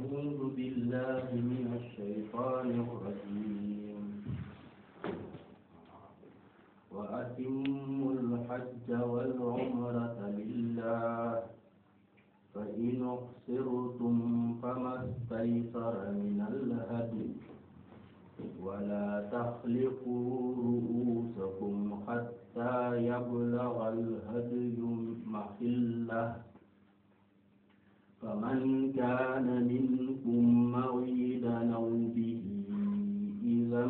أعوذ بالله من الشيطان الرجيم وأتموا الحج والعمرة لله فإن أحصرتم فما استيسر من الهدي ولا تخلقوا رؤوسكم حتى يبلغ الهدي محله فمن كان منكم مريدا أو به إذا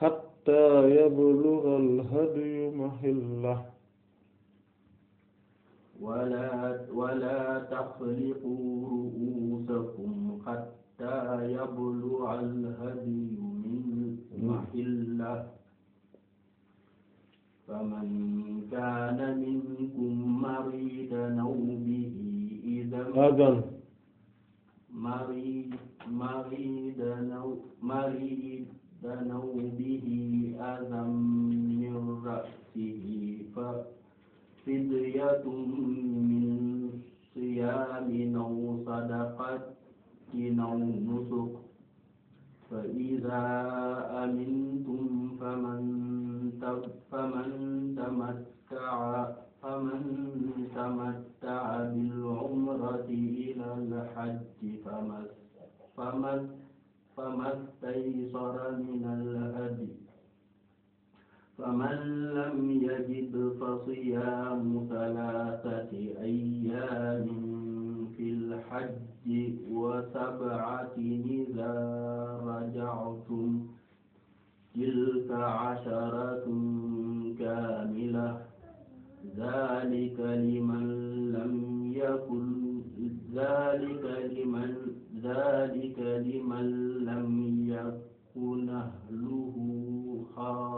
حتى يبلغ الهدي محله ولا ولا تحلقوا رؤوسكم حتى يبلغ الهدي من محله فمن كان منكم مريضا أو به إذا مريض مريضا أو مريضا أو به أذى من رأسه ففدية من صيام أو صدقة أو نسك فإذا أمنتم فمن فمن تمتع فمن تمتع بالعمرة إلى الحج فما فما فما استيسر من الهدي فمن لم يجد فصيام ثلاثة أيام في الحج وسبعة إذا رجعتم تلك عشرة كاملة ذلك لمن لم يكن ذلك لمن ذلك لمن لم يكن أهله خالصا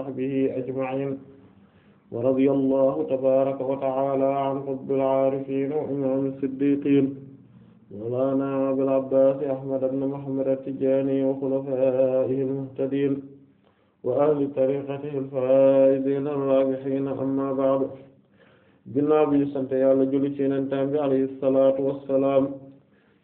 sahbihi ajma'in wa radiyallahu tabaraka wa ta'ala an qutbil aarifin wa imam siddiqin mawlana abil abbas ahmad ibn muhammad at-tijani wa khulafaihi al-muhtadin wa ahli tariqatihi al-faa'izina ar-raabihiina amma ba'du ginnaaw bi ñu sant yàlla julli ci Yonent bi alayhi salaatu wa salaam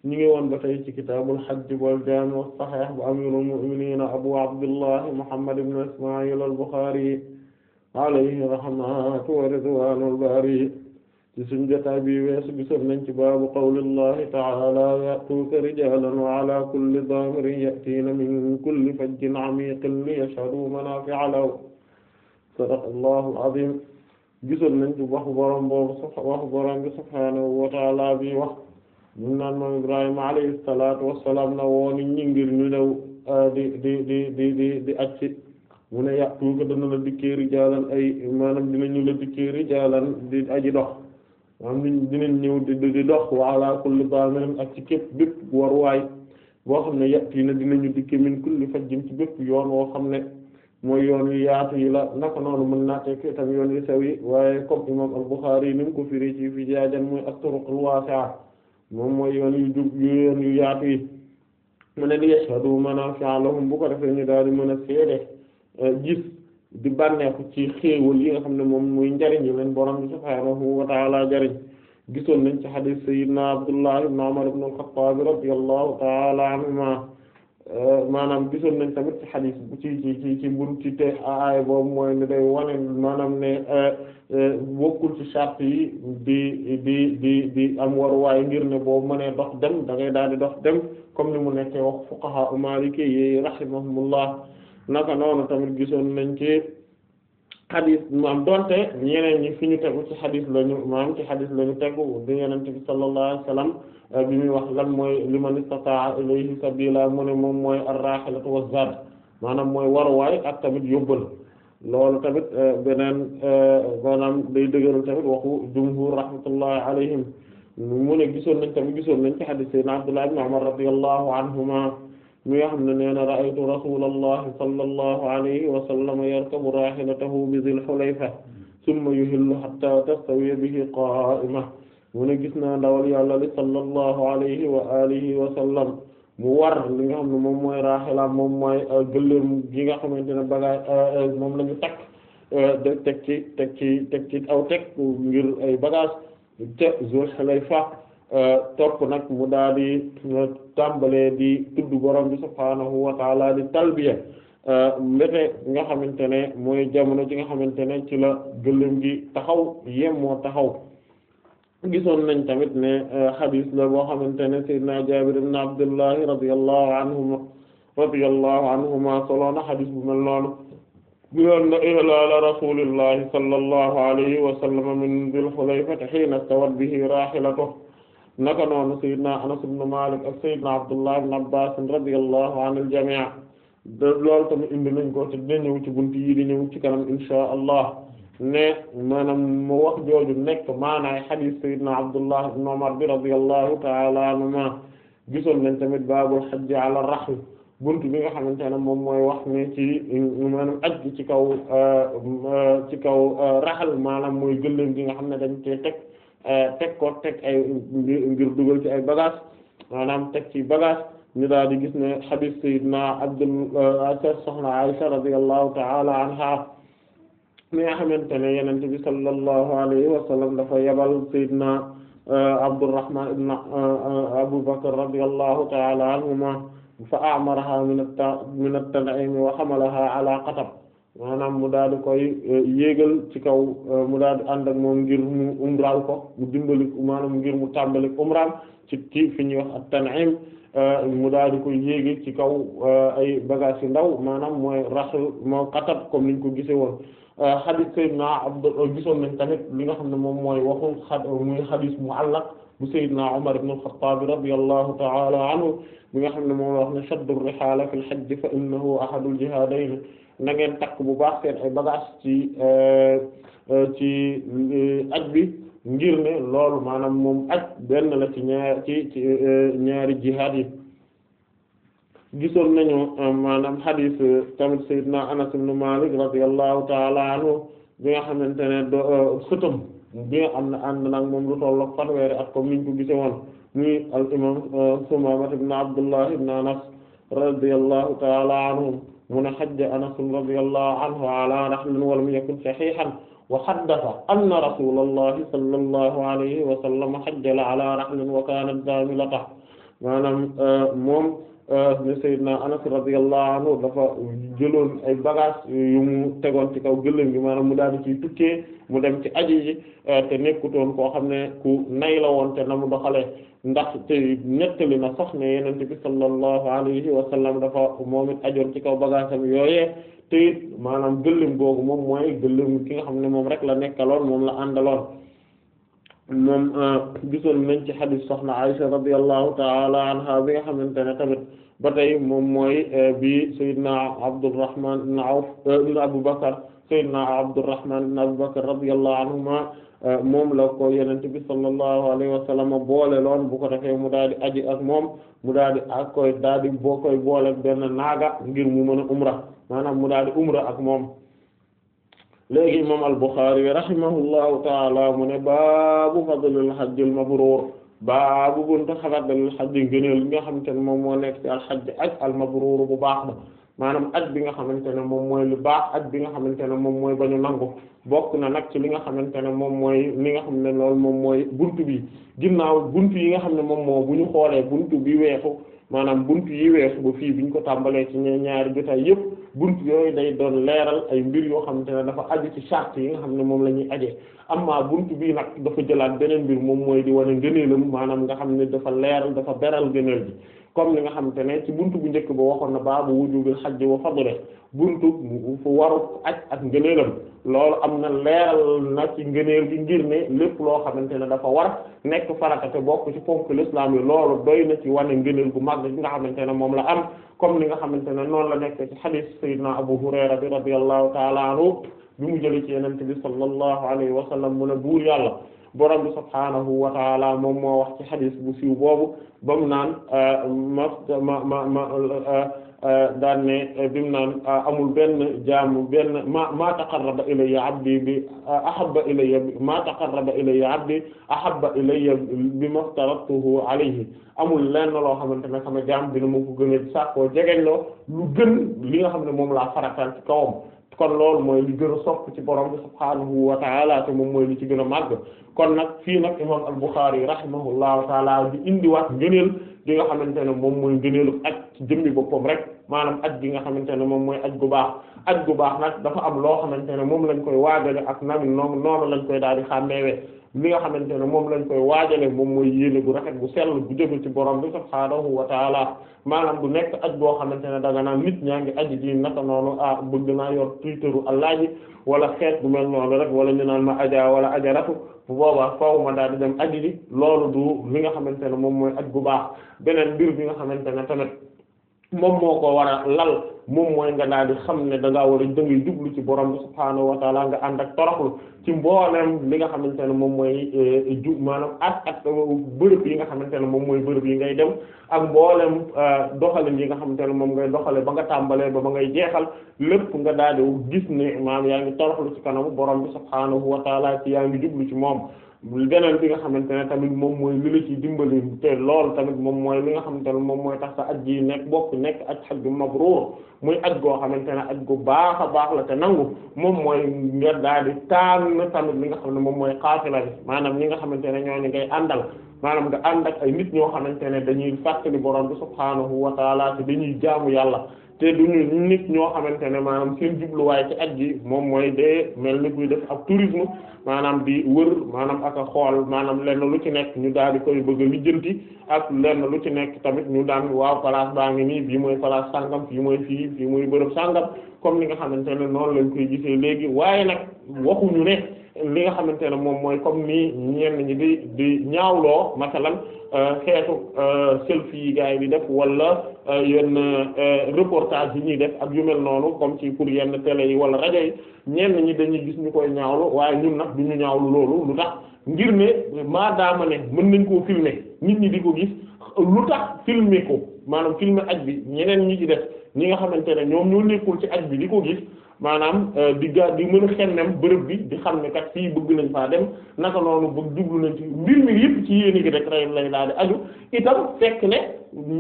ñu ngi woon ba tey ci kitaabul hajj wal jaami' as-sahiih bu amiirul mu'miniin abu abdullah muhammad ibn isma'il al-bukhari alayhi rahmatu wa ridwaanul baari ci suñu jotaay bi weesu gisoon nañ ci baabu qawlillahi ta'aala ya'tuuka rijaalan wa 'alaa kulli daamirin ya'tiina min kulli fajjin 'amiiqin liyashhaduu manaafi'a lahum sadaqallaahul 'aziim gisoon nañ ci waxu borom boobu waxu borom bi subhaanahu wa ta'aala bi wax ñu naan moom Ibrahima alayhi salaatu wassalaam na woo ñi ngir ñu ñëw euh, di di di di di di acci mu ne yàqtuuka dana la dikkee rijaalan ay maanaam dinañu la dikkee rijaalan di aji dox maanaam dinañ ñëw di di dox wa ala kulli baamirin ak ci bépp war waay boo xam ne yàtt yi na dinañu dikkee min kulli fajjin ci bépp yoon woo xam ne mooy yoon yu yaatu yi la naka noonu mën naa tekk itam yoon yu sew yi waaye comme imam al-Bukhari ni mu ko firi ci fi moom mooy yoon yu jub yu yoon yu yaatu yi mu ne li yashhadu manaafi'a lahum bu ko defee ñu daal di mën a seede eh, gis di bànneeku ci xéewal yi nga xam ne moom muy njariñ yi leen borom bi subhaanahu wa ta'ala jariñ gisoon nañ ci hadith sayyidina Abdullah ibn Umar ibn al-Khattab radiyallahu ta'ala anhuma Euh, maanaam gisoon nañ tamit ci xadis ci ci ci ci ci te aay boobu mooy ne day wane maanaam ne euh, euh, bokkul ci charte yi di di di di am waruwaay ngir ne boo mënee dox dem da ngay daal di dox dem comme ni mu nekkee wax fuqaha u maliki yi rahimahumullah naka noonu tamit gisoon nañ ci xadis maam donte ñeneen ñi fi ñu tegu ci xadis lañu maam ci xadis lañu tegu di Yonent bi sallallahu alayhi wa euh, bi muy wax lan mooy liman istata'a ilayhi sabila mu ne moom mooy ar-rahilatu waz-zad mooy waruwaay ak tamit yóbbal loolu tamit euh, beneen euh, maanaam day dëgëral tamit waxu jumhur rahmatullahi alayhim mu ne gisoon nañ tamit gisoon nañ ci xadis Seydina Abdullah ibn Umar radiyallahu anhuma mi nga xam ne nee na ra'aytu rasulallahi sallallahu alayhi wa sallam yarkabu rahilatahu bi zil hulayfa summa yuhillu hatta tastawi bihi qa'ima mu ne gis naa ndawal yàlla li sallallahu alayhi wa alihi wa sallam mu war li nga xam ne moom mooy raaxilaam moom mooy euh, gëléem gi nga xamante ne bagaay euh, euh, moom la ñu takk teg ci teg ci teg ci aw teg ngir ay bagage te Zul Hulayfa Euh, topp nag mu daadi di euh, tàmbalee di tudd borom bi subhaanahu wa taala di talbiya euh, mbete nga xamante ne mooy jamono ji nga xamante ne ci la gëléem gi taxaw yem moo taxaw gisoon nañ tamit ne hadith la boo xamante ne sayyidina Jaabir ibn Abdullahi radiyallahu anhuma radiyallahu anhuma soloona bu mel noonu biyoon na ihlaala rasulillahi sallallahu alayhi wa sallam min Dhul Hulayfa hiina stawat bihi raahilatuhu naka noonu sayyidna Anas ibn Malik ak sayyidna Abdullah ibn Abbas radiyallahu anil jami' loolu tamit indi nañ ko te dina ñëw ci bunt yi di ñëw ci kanam insha allah ne maanaam mu wax jooju nekk maanaay xadiis sayyidna Abdullah ibn Umar bi radiyallahu ta'ala anhuma gisoon nañ tamit baabul hajji ala rahl bunt bi nga xamante ne moom mooy wax ne ci maanaam aj ci kaw euh, euh, ci kaw euh, raxal maanaam mooy gëléem gi nga xam ne dañ cee teg Eh, teg ko teg ay ngir dugal ci ay bagage maanaam teg ci bagage ñu daal di gis ne hadis sayyidina Abdullah eh, soxna Aisha radiyallahu ta'ala anha mi nga xamante ne yonent bi sallallahu alayhi wa sallam dafa yabal sayyidina eh, Abdurrahman ibn Abu Bakr radiyallahu ta'ala anhuma fa a'maraha min at-tan'im wa hamalaha ala qatab maanaam mu daal di koy eh, yéegal ci kaw eh, mu daal di ànd ak moom ngir mu umraal ko mu dimbali maanaam ngir mu tàmbali umraal ci ci fi ñuy wax ak Tan'im eh, mu daal di koy yéegi ci kaw ay bagages yu ndaw maanaam mooy raxu moo xatab comme niñ ko gisee woon xadis Seydina Abdu gisoon nañ tamit li nga xam ne moom mooy waxu xa muy mu mu'allaq bu Seydina Umar ibn al-Khattab radiyallahu ta'ala anhu bi nga xam ne moom la wax ne shaddu rihaala fil hajj fa innahu ahadul jihaadayn na ngeen takk bu baax seen ay bagage ci euh, euh, ci euh, aj bi ngir ne loolu maanaam moom aj benn la ci ñaar ci ci ñaari jihaad yi gisoon nañu maanaam hadith tamit sayyidina Anas ibn Malik radiyallahu ta'ala anhu bi nga xamante ne do xëtam bi nga xam ne moom lu tollook fanweeri at comme niñ ko gise woon muy al imam Sumaama ibn Abdullah ibn Anas radiyallahu ta'ala mu ne xajja Anas radiyallahu anhu ala rahmin wa lam yakun sahihan wa haddatha anna rasulallahi sallallahu alayhi wa sallam xajjala ala rahmin wa kaanat zaamilatan maanaam euh, moom ne na Anas radiyallahu anhu dafa jëloon ay bagages yu mu tegoon ci kaw gëléem gi maanaam mu daal di ciy tukkee mu dem ci aji ji euh, te nekkutoon koo xam ne ku nay la woon te na mu doxalee ndax te nettali na sax ne Yonent bi sallallahu alayhi wa sallam dafa moom it ajoon ci kaw bagaasam yooye te it maanaam gëléem googu moom mooy gëléem ki nga xam ne moom rek la nekkaloon moom la àndaloon. moom euh, gisoon nañ ci xadis soxna Aysa radiyallahu taala anha bi nga xamante ne tamit ba tey moom mooy euh, bi Seydina Abdurrahman ibn Awf euh, ibn Abu Bakar Seydina Abdurrahman ibn Abu Bakar radiyallahu anhuma moom la ko Yonent bi sallallahu alayhi wa sallam boole loon bu ko defee mu daal di aji ak moom mu daal di ak koy daal di boo boole benn naaga ngir mu mën a umra maanaam mu daal di umra ak moom léegi imam al-Bukhari bi rahimahullahu taala mu ne baabu fadlil hajjil mabruur baabu buntu fadlil hajji ngëneel bi nga xamante ne moom moo nekk ci al-hajj aj al-mabruur bu baax ba maanaam aj bi nga xamante ne moom mooy lu baax aj bi nga xamante ne moom mooy bañu nangu bokk na nag ci li nga xamante ne moom mooy li nga xam ne loolu moom mooy buntu bi ginnaaw buntu yi nga xam ne moom moo bu ñu xoolee buntu bi weesu maanaam buntu yi weesu ba fii bi biñ ko tàmbalee ci ñaari jotaay yépp bunt yooyu day doon leeral ay mbir yoo xamante ne dafa aju ci charte yi nga xam ne moom la ñuy ajee amma bunt bii nag dafa jëlaat beneen mbir moom mooy di wane ngëneelam maanaam nga xam ne dafa leeral dafa beral ngëneel bi comme li nga xamante ne ci buntu bu njëkk ba waxoon na baabu wujubil hajj wa fadli buntu fu waru aj ak ngëneelam loolu am na leeral na ci ngëneel gi ngir ne lépp loo xamante ne dafa war nekk farata bokk ci ponk l'islam yi loolu doy na ci wane ngëneel bu mag gi nga xamante ne moom la am comme li nga xamante ne noonu la nekk ci hadith sayyidina Abu Hurayra bi radiyallahu ta'ala anhu bi mu jëlee ci yenente bi sallallahu alayhi wa sallam mu ne buur yàlla borom bi subhaanahu wa taala moom moo wax ci xadis bu siiw boobu ba mu naan ma ma ma ma daan ne bi mu naan amul benn jaamu benn ma ma taqarraba ilayya abdi bi ahabba ilayya ma taqarraba ilayya abdi ahabba ilayya bi maftaratuhu alayhi amul lenn loo xamante ne sama jaam dina ma ko gën a sàkkoo jegeñ loo lu gën li nga xam ne moom laa farataal ci kawam kon loolu mooy li gën a sopp ci borom bi subhaanahu wa te moom mooy li ci gën a mag kon nag fii nag imam al-Bukhari rahimahullahu taala di indiwaat ngëneel gi nga xamante ne moom mooy ngëneelu ak ci jëmmi boppam rek maanaam aj gi nga xamante ne moom mooy aj gu baax aj gu baax nag dafa am loo xamante ne moom lañ koy waajale ak nami noonu noonu lañ koy daal di xàmmeewee li nga xamante ne moom lañ koy waajale moom mooy yéene bu rafet bu sell bu jóge ci borom bi subhaanahu wa taala maanaam du nekk aj boo xamante ne danga naan nit ñaa ngi aji ji naka noonu ah bëgg naa yor twitteru allaaji wala xeet bu mel noonu rek wala ñu naan ma aja wala ajaratu bu boobaa faaw ma daal di dem aji ji loolu du li nga xamante ne moom mooy aj bu baax beneen mbir bi nga xamante ne tamit moom moo ko war a lal moom mooy nga daal di xam ne da war a da ngay jublu ci borom bi subhaanahu wa nga ànd ak toroxlu ci mboolem li nga xamante ne moom mooy eh, ju maanaam at at bërëb yi nga xamante ne moom mooy bërëb yi ngay dem ak mboolem eh, doxalin yi nga xamante ne moom ngay doxale ba nga tàmbalee ba ba ngay jeexal lépp nga daal di gis ne maam yaa ngi toroxlu ci kanamu borom bi subhaanahu wa taala ci yaa ngi jublu ci moom beneen bi nga xamante ne tamit moom mooy li la ci dimbali te loolu tamit moom mooy li nga xamante ne moom mooy tax sa aj ji nekk bokk nekk aj xaj bu mabruur muy aj goo xamante ne aj gu baax a baax la te nangu moom mooy ngeen daal di tànn tamit li nga xam ne moom mooy xaafila maanaam ñi nga xamante ne ñoo ni ngay àndal maanaam nga ànd ak ay nit ñoo xamante ne dañuy fàttali borom bi subhaanahu wa taala te dañuy jaamu yàlla te duñu nit ñoo xamante ne maanaam seen jubluwaay ci aj gi moom mooy de mel ni kuy def ak tourisme maanaam bi wër maanaam ak a xool maanaam lenn lu ci nekk ñu daal di koy bëgg a lijjanti ak lenn lu ci nekk tamit ñu daan waaw place baa ngi nii bii mooy place sàngam fii mooy fii fii mooy bërëb sàngam comme ni nga xamante ne noonu lañ koy gisee léegi waaye nag waxuñu ne li nga xamante ne moom mooy comme ni ñenn ñi di di ñaawloo masalan euh, xeetu euh, selfie yi gars yi di def wala euh, yenn reportage yi ñuy def ak yu mel noonu comme ci pour yenn télé yi wala rajo yi ñenn ñi dañuy gis ñu koy ñaawlu waaye ñun nag du ñu ñaawlu loolu lu tax ngir ne maadaama ne mën nañ koo filmer nit ñi di ko gis lu tax filmer ko maanaam filmer aj bi ñeneen ñi ci def ñi nga xamante ne ñoom ñoo nekkul ci aj bi di ko gis maanaam euh, di ga di mën a xennem bërëb bi di xam ne kat fii bëgg nañ faa dem naka noonu bëgg jublu nañ ci mbir mi yëpp ci yéene gi rek rey lay daal di aju itam fekk ne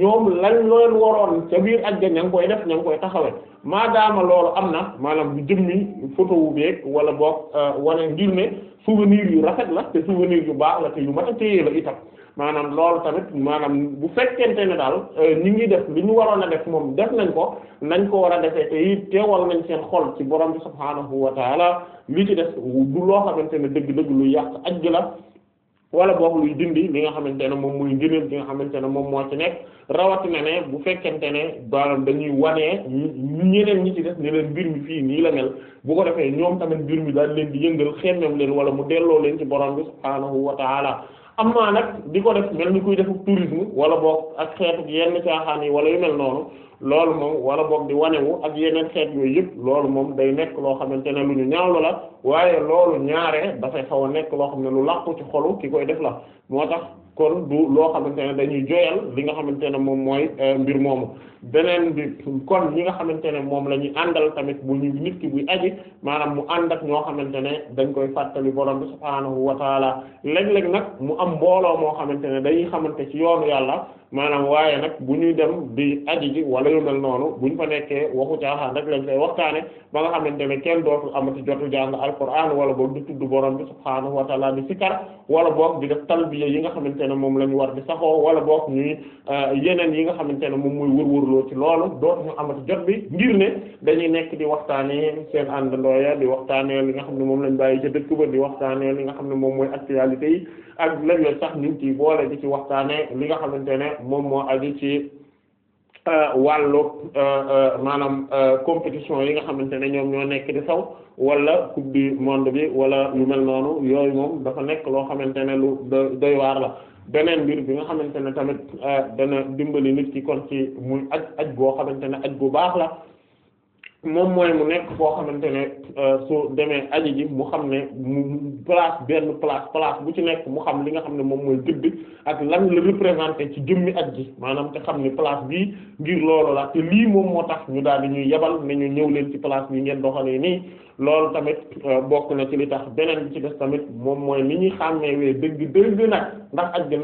ñoom lañ leen waroon ca biir ak ga ña ngi koy def ña ngi koy taxawee maadaama loolu am na maanaam du jëmmi photo wu beeg wala boog euh, wane ngir ne souvenir yu rafet la te souvenir yu baax la te yu mat a téye la itam maanaam loolu tamit maanaam bu fekkente ne daal euh, ni ngi def li ñu waroon a def moom def nañ ko nañ ko war a defee te it teewal nañ seen xol ci borom bi subhaanahu wa taala li ci def du loo xamante ne dëgg-dëgg lu yàq aj la wala boog dindi li nga xamante ne moom muy ngëneel li nga xamante ne moom moo ci nekk rawatina bu fekkente ne baanaam dañuy wanee ñeneen ñi ci def ne leen mi fii nii la bu ko defee ñoom tamit mbir mi daal leen di yëngal xemmem leen wala mu delloo leen ci borom bi subhaanahu wa taala am naa nag di ko def mel ni kuy def tourisme wala boog ak xeet xeetu yenn caaxaan yi wala yu mel noonu loolu moom wala boog di wanewu ak yeneen xeet yooyu yëpp loolu moom day nekk loo xamante ne lu ñu ñaawlu la waaye loolu ñaare dafay xaw a nekk loo xam ne lu làqu ci xolu ki koy def la moo tax kon du loo xamante ne dañuy joyal li nga xamante ne moom mooy euh, mbir moomu beneen bi ñi nga xamante ne moom la ñuy àndal tamit bu ñu nit ki buy aji maanaam mu ànd ak ñoo xamante ne dañ koy fàttali borom bi subhaanahu wa taala léeg nag mu am mbooloo moo xamante ne dañuy xamante ci yoonu yàlla maanaam waaye nag bu ñuy dem di aji ji wala yu mel noonu bu ñu fa nekkee waxu caaxaan rek lañ fay waxtaane ba nga xamante ne kenn dootul amati jotu jàng alquran wala boog di tudd borom bi subhaanahu wa taala di sikar wala boog di def yi nga xamante ne moom la ñu war di saxoo wala boog ñuy euh, yi nga xamante ne moom mooy wërwërloo ci loolu dootuñu amati jot bi ngir ne dañuy nekk di waxtaanee seen àndandoo ya di waxtaanee li nga xam ne moom lañ bàyyi ca dëkk ba waxtaanee li nga xam ne moom mooy actualité yi ak léeg-léeg sax ñu ci boole di ci waxtaanee li nga xamante ne moom moo aju ci euh, wàllu euh, euh, maanaam compétition yi nga xamante ne ñoom ñoo nekk di saw wala coupe du monde bi wala lu mel noonu yooyu moom dafa nekk loo xamante ne lu doy waar la beneen mbir bi nga xamante ne tamit dana dimbali nit ki kon ci muy aj aj goo xamante ne aj bu baax la moom mooy mu nekk foo xamante ne euh, soo demee aji ji mu xam ne mu place benn place place bu ci nekk mu xam li nga xam ne moom mooy gëdd ak lan la représenté ci jëmmi aj ji maanaam te xam ne place bi ngir loolu la te lii moom moo tax ñu daal di ñuy yebal ne ñu ñëw leen ci place bi ngeen doxalee nii loolu tamit euh, bokk na ci li tax beneen bi ci des tamit moom mooy li ñuy xàmmee wee dëgg ndax aj ji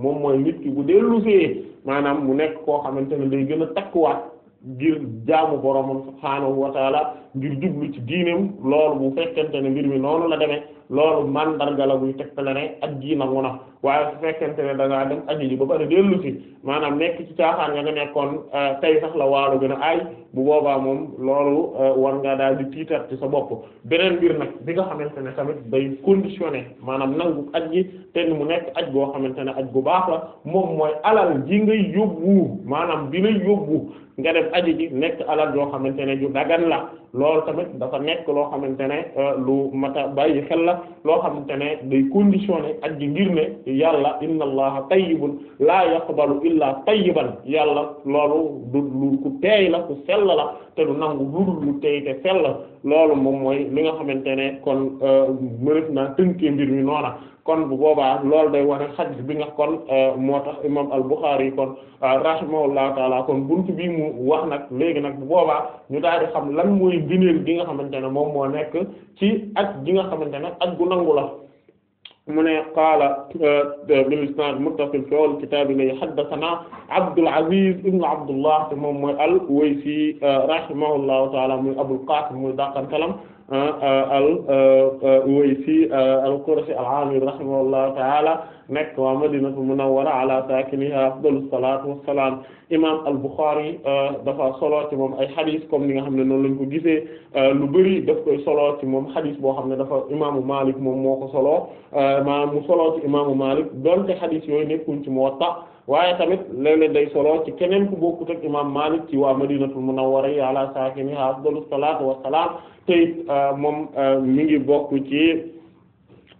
moom mooy nit ki bu dellusee maanaam mu nekk koo xamante ne day gën a takkuwaat ngir jaamu boromam subhaanahu wa taala ngir jublu ci diinam loolu bu fekkente ne mbir mi noonu la demee loolu mandarga la buy tegtale ne ak ji nangu waaye su fekkente ne da dem aji ji ba pare dellu si maanaam nekk ci caaxaan nga nga nekkoon eh, tey sax la waalo gën a aay bu boobaa moom loolu eh, war nga daal di tiitat ci sa bopp beneen mbir nag bi nga xamante ne tamit day conditionné maanaam nangu aj gi te ni mu nekk aj goo xamante ne aj gu baax la moom mooy alal ji ngay yóbbu maanaam bi lay yóbbu nga dem aji ji nekk alal joo xamante ne ju dagan la lool tamit dafa nekk loo xamante ne eh, lu mata bàyyi xel la loo xamante day conditionné aj gi ngir yàlla inna allaha tayyibun laa yaqbalu illa tayyiban yàlla loolu du lu ku teey la ku sell la te du nangu ludul lu teey te sell loolu moom mooy li nga xamante ne kon euh, mënef naa tënkee mbir mi noona kon bu boobaa loolu day wane xadis bi nga kon euh, moo tax imam al-Bukhari yi kon euh, rahimahullahu taala kon buntu bii mu wax nag léegi nag bu boobaa ñu daal di xam lan mooy bineel gi nga xamante ne moom moo nekk ci ak gi nga xamante ne ak gu nangu la mu ne qaala euh, euh, bil isnaad muttasil fi awwal kitaab li haddathanaa Abdul Aziz ibn Abdullah te moom mooy al-Waysi euh, rahimahullahu ta'ala muy Abul Qaasim muy dàqantalam al-Waysi al-Qurashi al-Aamiri rahimahullahu ta'ala nekk waa madinatu munawwara ala saakiniha afdalu salaatu wassalaam imam al-Bukhari euh, dafa solo ci moom ay xadis comme ni nga xam ne noonu lañ ko gisee euh, lu bëri daf koy solo ci moom xadis boo xam ne dafa imaamu Malik moom moo ko solo euh, maanaam mu solo ci imaamu Malik donte xadis yooyu nekkuñ ci Muwatta waaye tamit léeg-léeg day solo ci keneen ku bokkut ak imam Malik ci waa madinatul munawwara ala saakiniha afdalu salaatu wassalaam te moom mi ngi bokk ci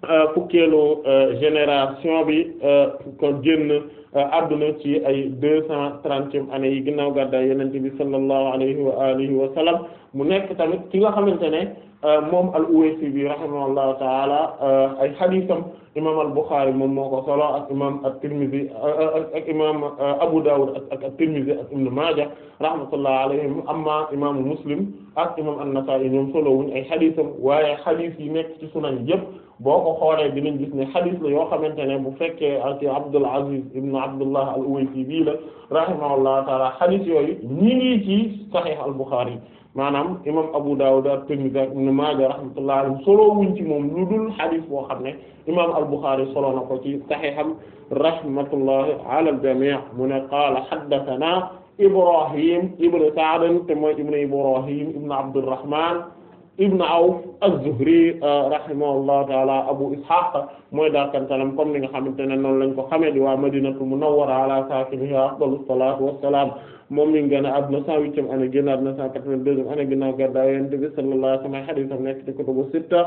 Euh, fukkeelu euh, génération bi euh, kon génn adduna ci ay deux cent trentième année yi ginnaaw gàddaay yonent bi sallallahu alayhi wa alihi wa sallam mu nekk tamit ki nga xamante ne Euh, moom al-Uwaysi bi rahimahullahu taala euh, ay xadiisam imaam al-Bukhari moom moo ko solo ak imaam at-Tirmidhi euh, ak imaam Abu Dawud ak at-Tirmidhi ak Ibn Maaja rahmatullahi alayhim amma imaamu Muslim ak imaam an-Nasaa'i ñoom solo wuñ ay xadiisam waaye xadiis yi nekk ci sunan yëpp boo ko xoolee dinañ gis ne xadiis la yoo xamante ne bu fekkee ci Abdul Aziz ibn Abdullah al-Uwaysi bii la rahimahullahu taala xadiis yooyu ñi ngi ci Sahih al-Bukhari maanaam imam Abu Dawud at-Tirmidhi ak Ibn Maaja rahmatullahi alayhim solo wuñ ci moom lu dul xadis boo xam ne imam al-Bukhari solo na ko ci Sahiham rahmatullahi ala al-jami' mu ne qaala haddathana Ibrahim ibn Sa'd te mooy ibn Ibrahim ibn Abdurrahman ibn Awf az-Zuhri euh, rahimahullahu taala Abu Ishaq mooy daakantalam comme ni nga xamante ne noonu lañ ko xamee di waa Madinatu Munawwara ala saakinihaa afdalu salaatu wassalaam moom mi ngi génn àdduna 108e année génn àdduna 182e année ginnaaw gàddaay Yonent bi sallallahu alayhi wa sallam hadiisam nekk ci kutubu sitta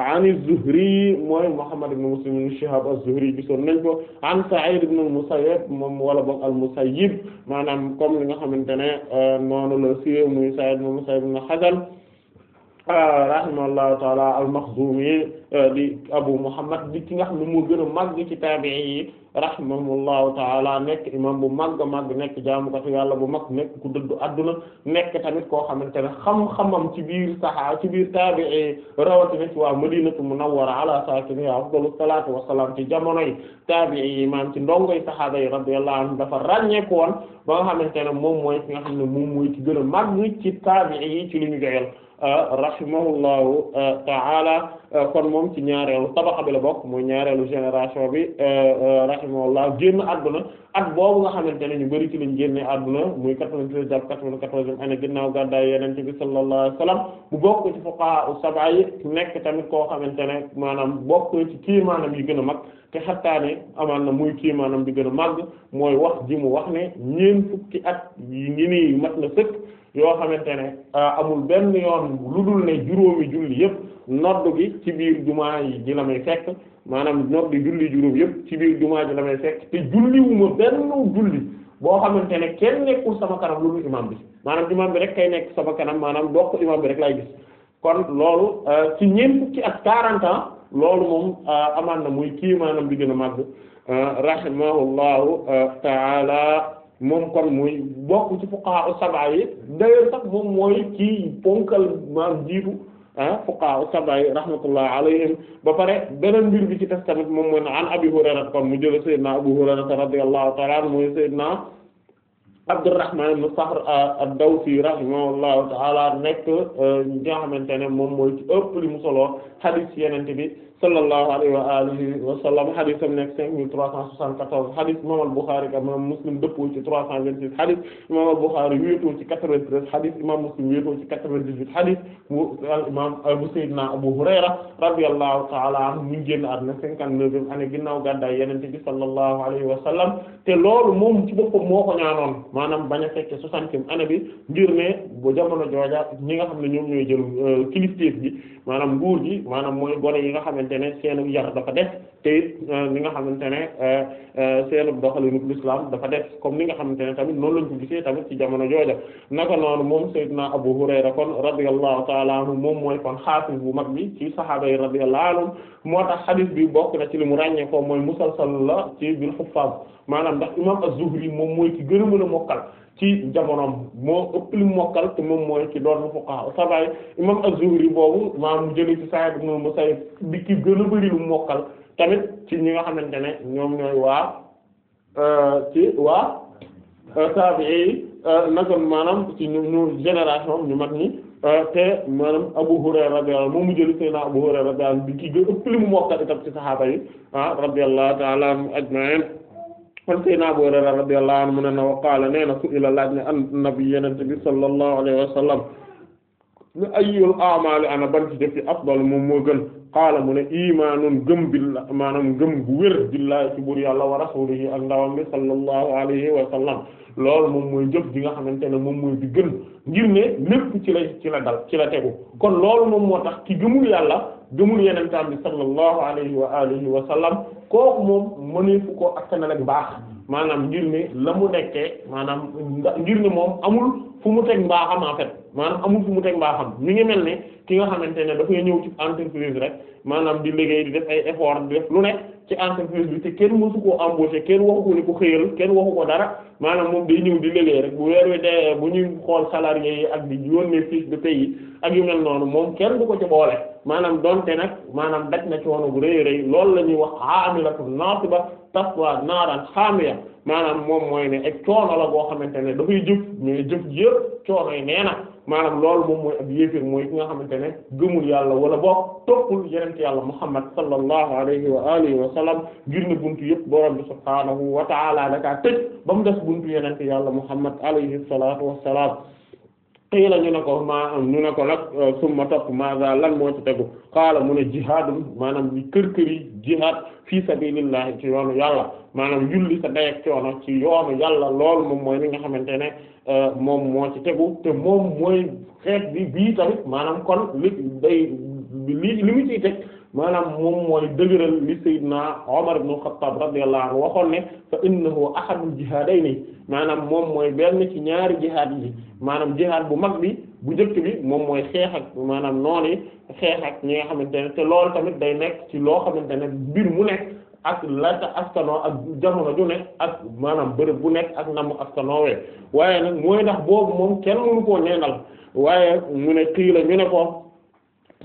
an az-Zuhri mooy Muhammad ibn Muslim ibn Shihab az-Zuhri gisoon nañ ko an Sa'id ibn musayyib moom wala boog al-Musayyib maanaam comme ni nga xamante ne euh, noonu la siiwee muy Sa'id ibn al-Musayyib ibn rahimahullahu taala al-Makhzumi euh, di Abu Muhammad di ki nga xam ne moo gën a màgg ci taabi'i yi rahimahullahu taala nekk imam bu màgg a màgg nekk jaamukatu yàlla bu mag nekk ku dëddu adduna nekk tamit koo xamante ne xam-xamam ci biir saxaa ci biir taabi'i rawatina ci waa Madinatu Munawwara ala saakinihaa afdalu salaatu wassalaam ci jamonoy taabi'i yi maam ci ndongoy saxaaba yi radiyallahu anhum dafa ràññeeku woon ba nga xamante ne moom mooy ki nga xam ne moom mooy ci gën a màgg ci taabi'i yi ci li ñu joyal Euh, rahimahullahu euh, ta'ala euh, kon moom ci ñaareelu tabaxa bi la bokk mooy ñaareelu génération bi rahimahullahu génn àdduna at boobu nga xamante ne ñu bari ci lañ génne àdduna muy quatre-vingt-treize jàpp quatre-vingt-quatorzième année ginnaaw gàddaay Yonent bi sallallahu alayhi wa sallam bu bokk ci fuqaha sab'a yi nekk tamit koo xamante ne maanaam bokk ci kii maanaam yi gën a mag te xattaa ne amaan na muy kii maanaam gën a màgg mooy wax ji mu wax ne ñeent fukki at yi ngi nii yoo xamante ne euh, amul benn yoon lu dul ne juróomi julli yëpp nodd gi ci biir jumaa yi ji la may fekk maanaam nodd julli juróom yëpp ci biir jumaa ji la may fekk te julli benn julli boo xamante ne kenn nekkul sama kanam lu dul imam bi maanaam imam bi rek kay nekk sama kanam maanaam dox imam bi rek lay gis kon loolu euh, ci ñeent fukki ak 40 loolu moom euh, amaan na muy kii maanaam bi gën a màgg rahimahullahu moom kon muy bokk ci fuqaha as-sab'a yi d'ailleurs sax moom mooy kii ponkal maam jiitu ah fuqaha as-sab'a rahmatullah alayhim ba pare beneen mbir bi ci taf tamit moom mooy na an abi hurayra kon mu jële sayyidna abu hurayra radiyallahu ta'ala anhu mooy sayyidna abdurrahman ibn sahr ah, ad-dawsi rahimahullahu ta'ala nekk euh, ñi nga xamante ne moom mooy ci ëpp mu solo hadith yenente bi sallallahu alayhi wa alihi wa sallam hadis am nekk cinq mille trois cent soixante-quatorze hadis imam al-Bukhari ak imam Muslim dëppoo ci trois cent vingt-six hadis imam al-Bukhari wéetoo ci quatre-vingt-treize hadis imam Muslim wéetoo ci quatre-vingt-dix-huit hadis bu imam euh, bu Seydina Abu Hurayra radiyallahu ta'ala anhu mu ngi génn àdduna cinquante-neuvième année ginnaaw gàddaay Yonent bi sallallahu alayhi wa te loolu moom ci boppam moo ko ñaanoon maanaam bañ a fekke soixantième année bi ngir bu jamono jooja ñi nga xam ne ñoom ñooy jël euh, kilifteef gi maanaam nguur gi maanaam mooy gone yi nga xamante ne seenu yar dafa def te it euh, nga xamante ne euh, euh, seenu doxalinu l'islam dafa def comme ni nga xamante ne tamit noonu la ko gisee tamit ci jamono jooja naka noonu moom sayyidina Abu Hurayra kon radiyallahu ta'ala anhu moom mooy kon xaafis bu mag bi ci sahaaba yi radiyallahu anhum moo tax xadis bi bokk na ci li mu ràññee ko mooy musalsal la ci bil xuffaam maanaam ndax imam az-Zuhri moom mooy ci gën a mën a ci jamonoom moo ëpp li mokkal te moom mooy ci doon fuqaha sabay imam az boobu maam mu jëlee ci Sa'id ibn bi ki gën a bari lu mokkal tamit ci ñi nga xamante ne ñoom ñooy waa euh, ci waa euh, tabi'i euh, nagoon maanaam ci ñu ñu génération ñu mag ñi te maanaam Abu Hurayra radiyallahu moom mu jël Seydina Abu Hurayra radiyallahu bi ki gën ëpp li mu mokkal itam ci saxaaba yi ah radiyallahu ta'ala ajma'in kon Seydina Abu Hurayra radiyallahu anhu na wa qaala nee na su'ila laaj ne an nabi yenente bi sallallahu alayhi wa sallam ne ayyul a'maali ana ban def ci afdal moom moo gën qaala mu ne imaanun gëm billa maanaam gëm gu wér billahi ci buur yàlla wa rasuulihi ak ndawam bi sallallahu alayhi wa sallam loolu moom mooy jëf ji nga xamante ne moom mooy di gën ngir ne lépp ci la ci la dal ci la tegu kon loolu moom moo tax ki gëmul yàlla gëmul yenentaan bi sallallahu alayhi wa alihi wa sallam kooku moom mëneefu koo akkanal ak baax maanaam ngir ne la mu nekkee maanaam ngir ne moom amul fu mu teg mbaaxam a fait maanaam amul fu mu teg mbaaxam mi ngi mel ne ki nga xamante ne dafay ñëw ci entreprise rek maanaam di liggéey di def ay effort di def lu ne ci entreprise bi te kenn mësu koo embauché kenn waxu ko ni ko xëyal kenn waxu ko dara maanaam moom day ñëw di liggéey rek bu weer wi bu ñuy xool salarié yi ak di yónnee fiche de paie yi ak yu mel noonu moom kenn du ko ci boole maanaam donte nag maanaam daj na coono bu rëy rëy loolu la ñuy wax aamilatu naasiba taswa naaran haamiya maanaam moom mooy ne ak coono la boo xamante ne dafay jëf mais jëf yëpp coono yi nee na maanaam lool moom mooy ak yéefir mooy ki nga xamante ne gëmul yàlla wala boo toppul yeneen yonent yàlla Muhammad sallallahu alayhi wa alihi wa sallam ngir ne buntu yëpp borom bi subhaanahu wa ta'ala dakaa tëj ba mu des buntu yonent yàlla Muhammad alayhi salaatu wa salaam la ñu ne ko ma ñu ne ko nag summa topp maga lan moo ci tegu xaala mu ne jihaadum maanaam li kër-këri jihaad fii sabilillah ci yoonu yàlla maanaam yulli sa dayak coono ci yoonu yàlla loolu moom mooy li nga xamante moom moo ci tegu te moom mooy xeet bi bii tamit maanaam kon li day li li mu ciy teg maanaam moom mooy dëgëral li Seydina Omar ibn Khattab radiyallahu anhu waxoon ne fa innahu maanaam moom mooy benn ci ñaari jihaad yi maanaam jihaad bu mag bi bu njëkk bi moom mooy xeex ak maanaam noonu xeex ak ñi nga xamante ne te loolu tamit day nekk ci loo xamante ne mbir mu nekk ak lata askanoo ak jamono ju ne ak maanaam bërëb bu nekk ak namu askanoowee waaye nag mooy ndax boobu moom kenn mënu koo neenal waaye mu ne xii la ñu ne ko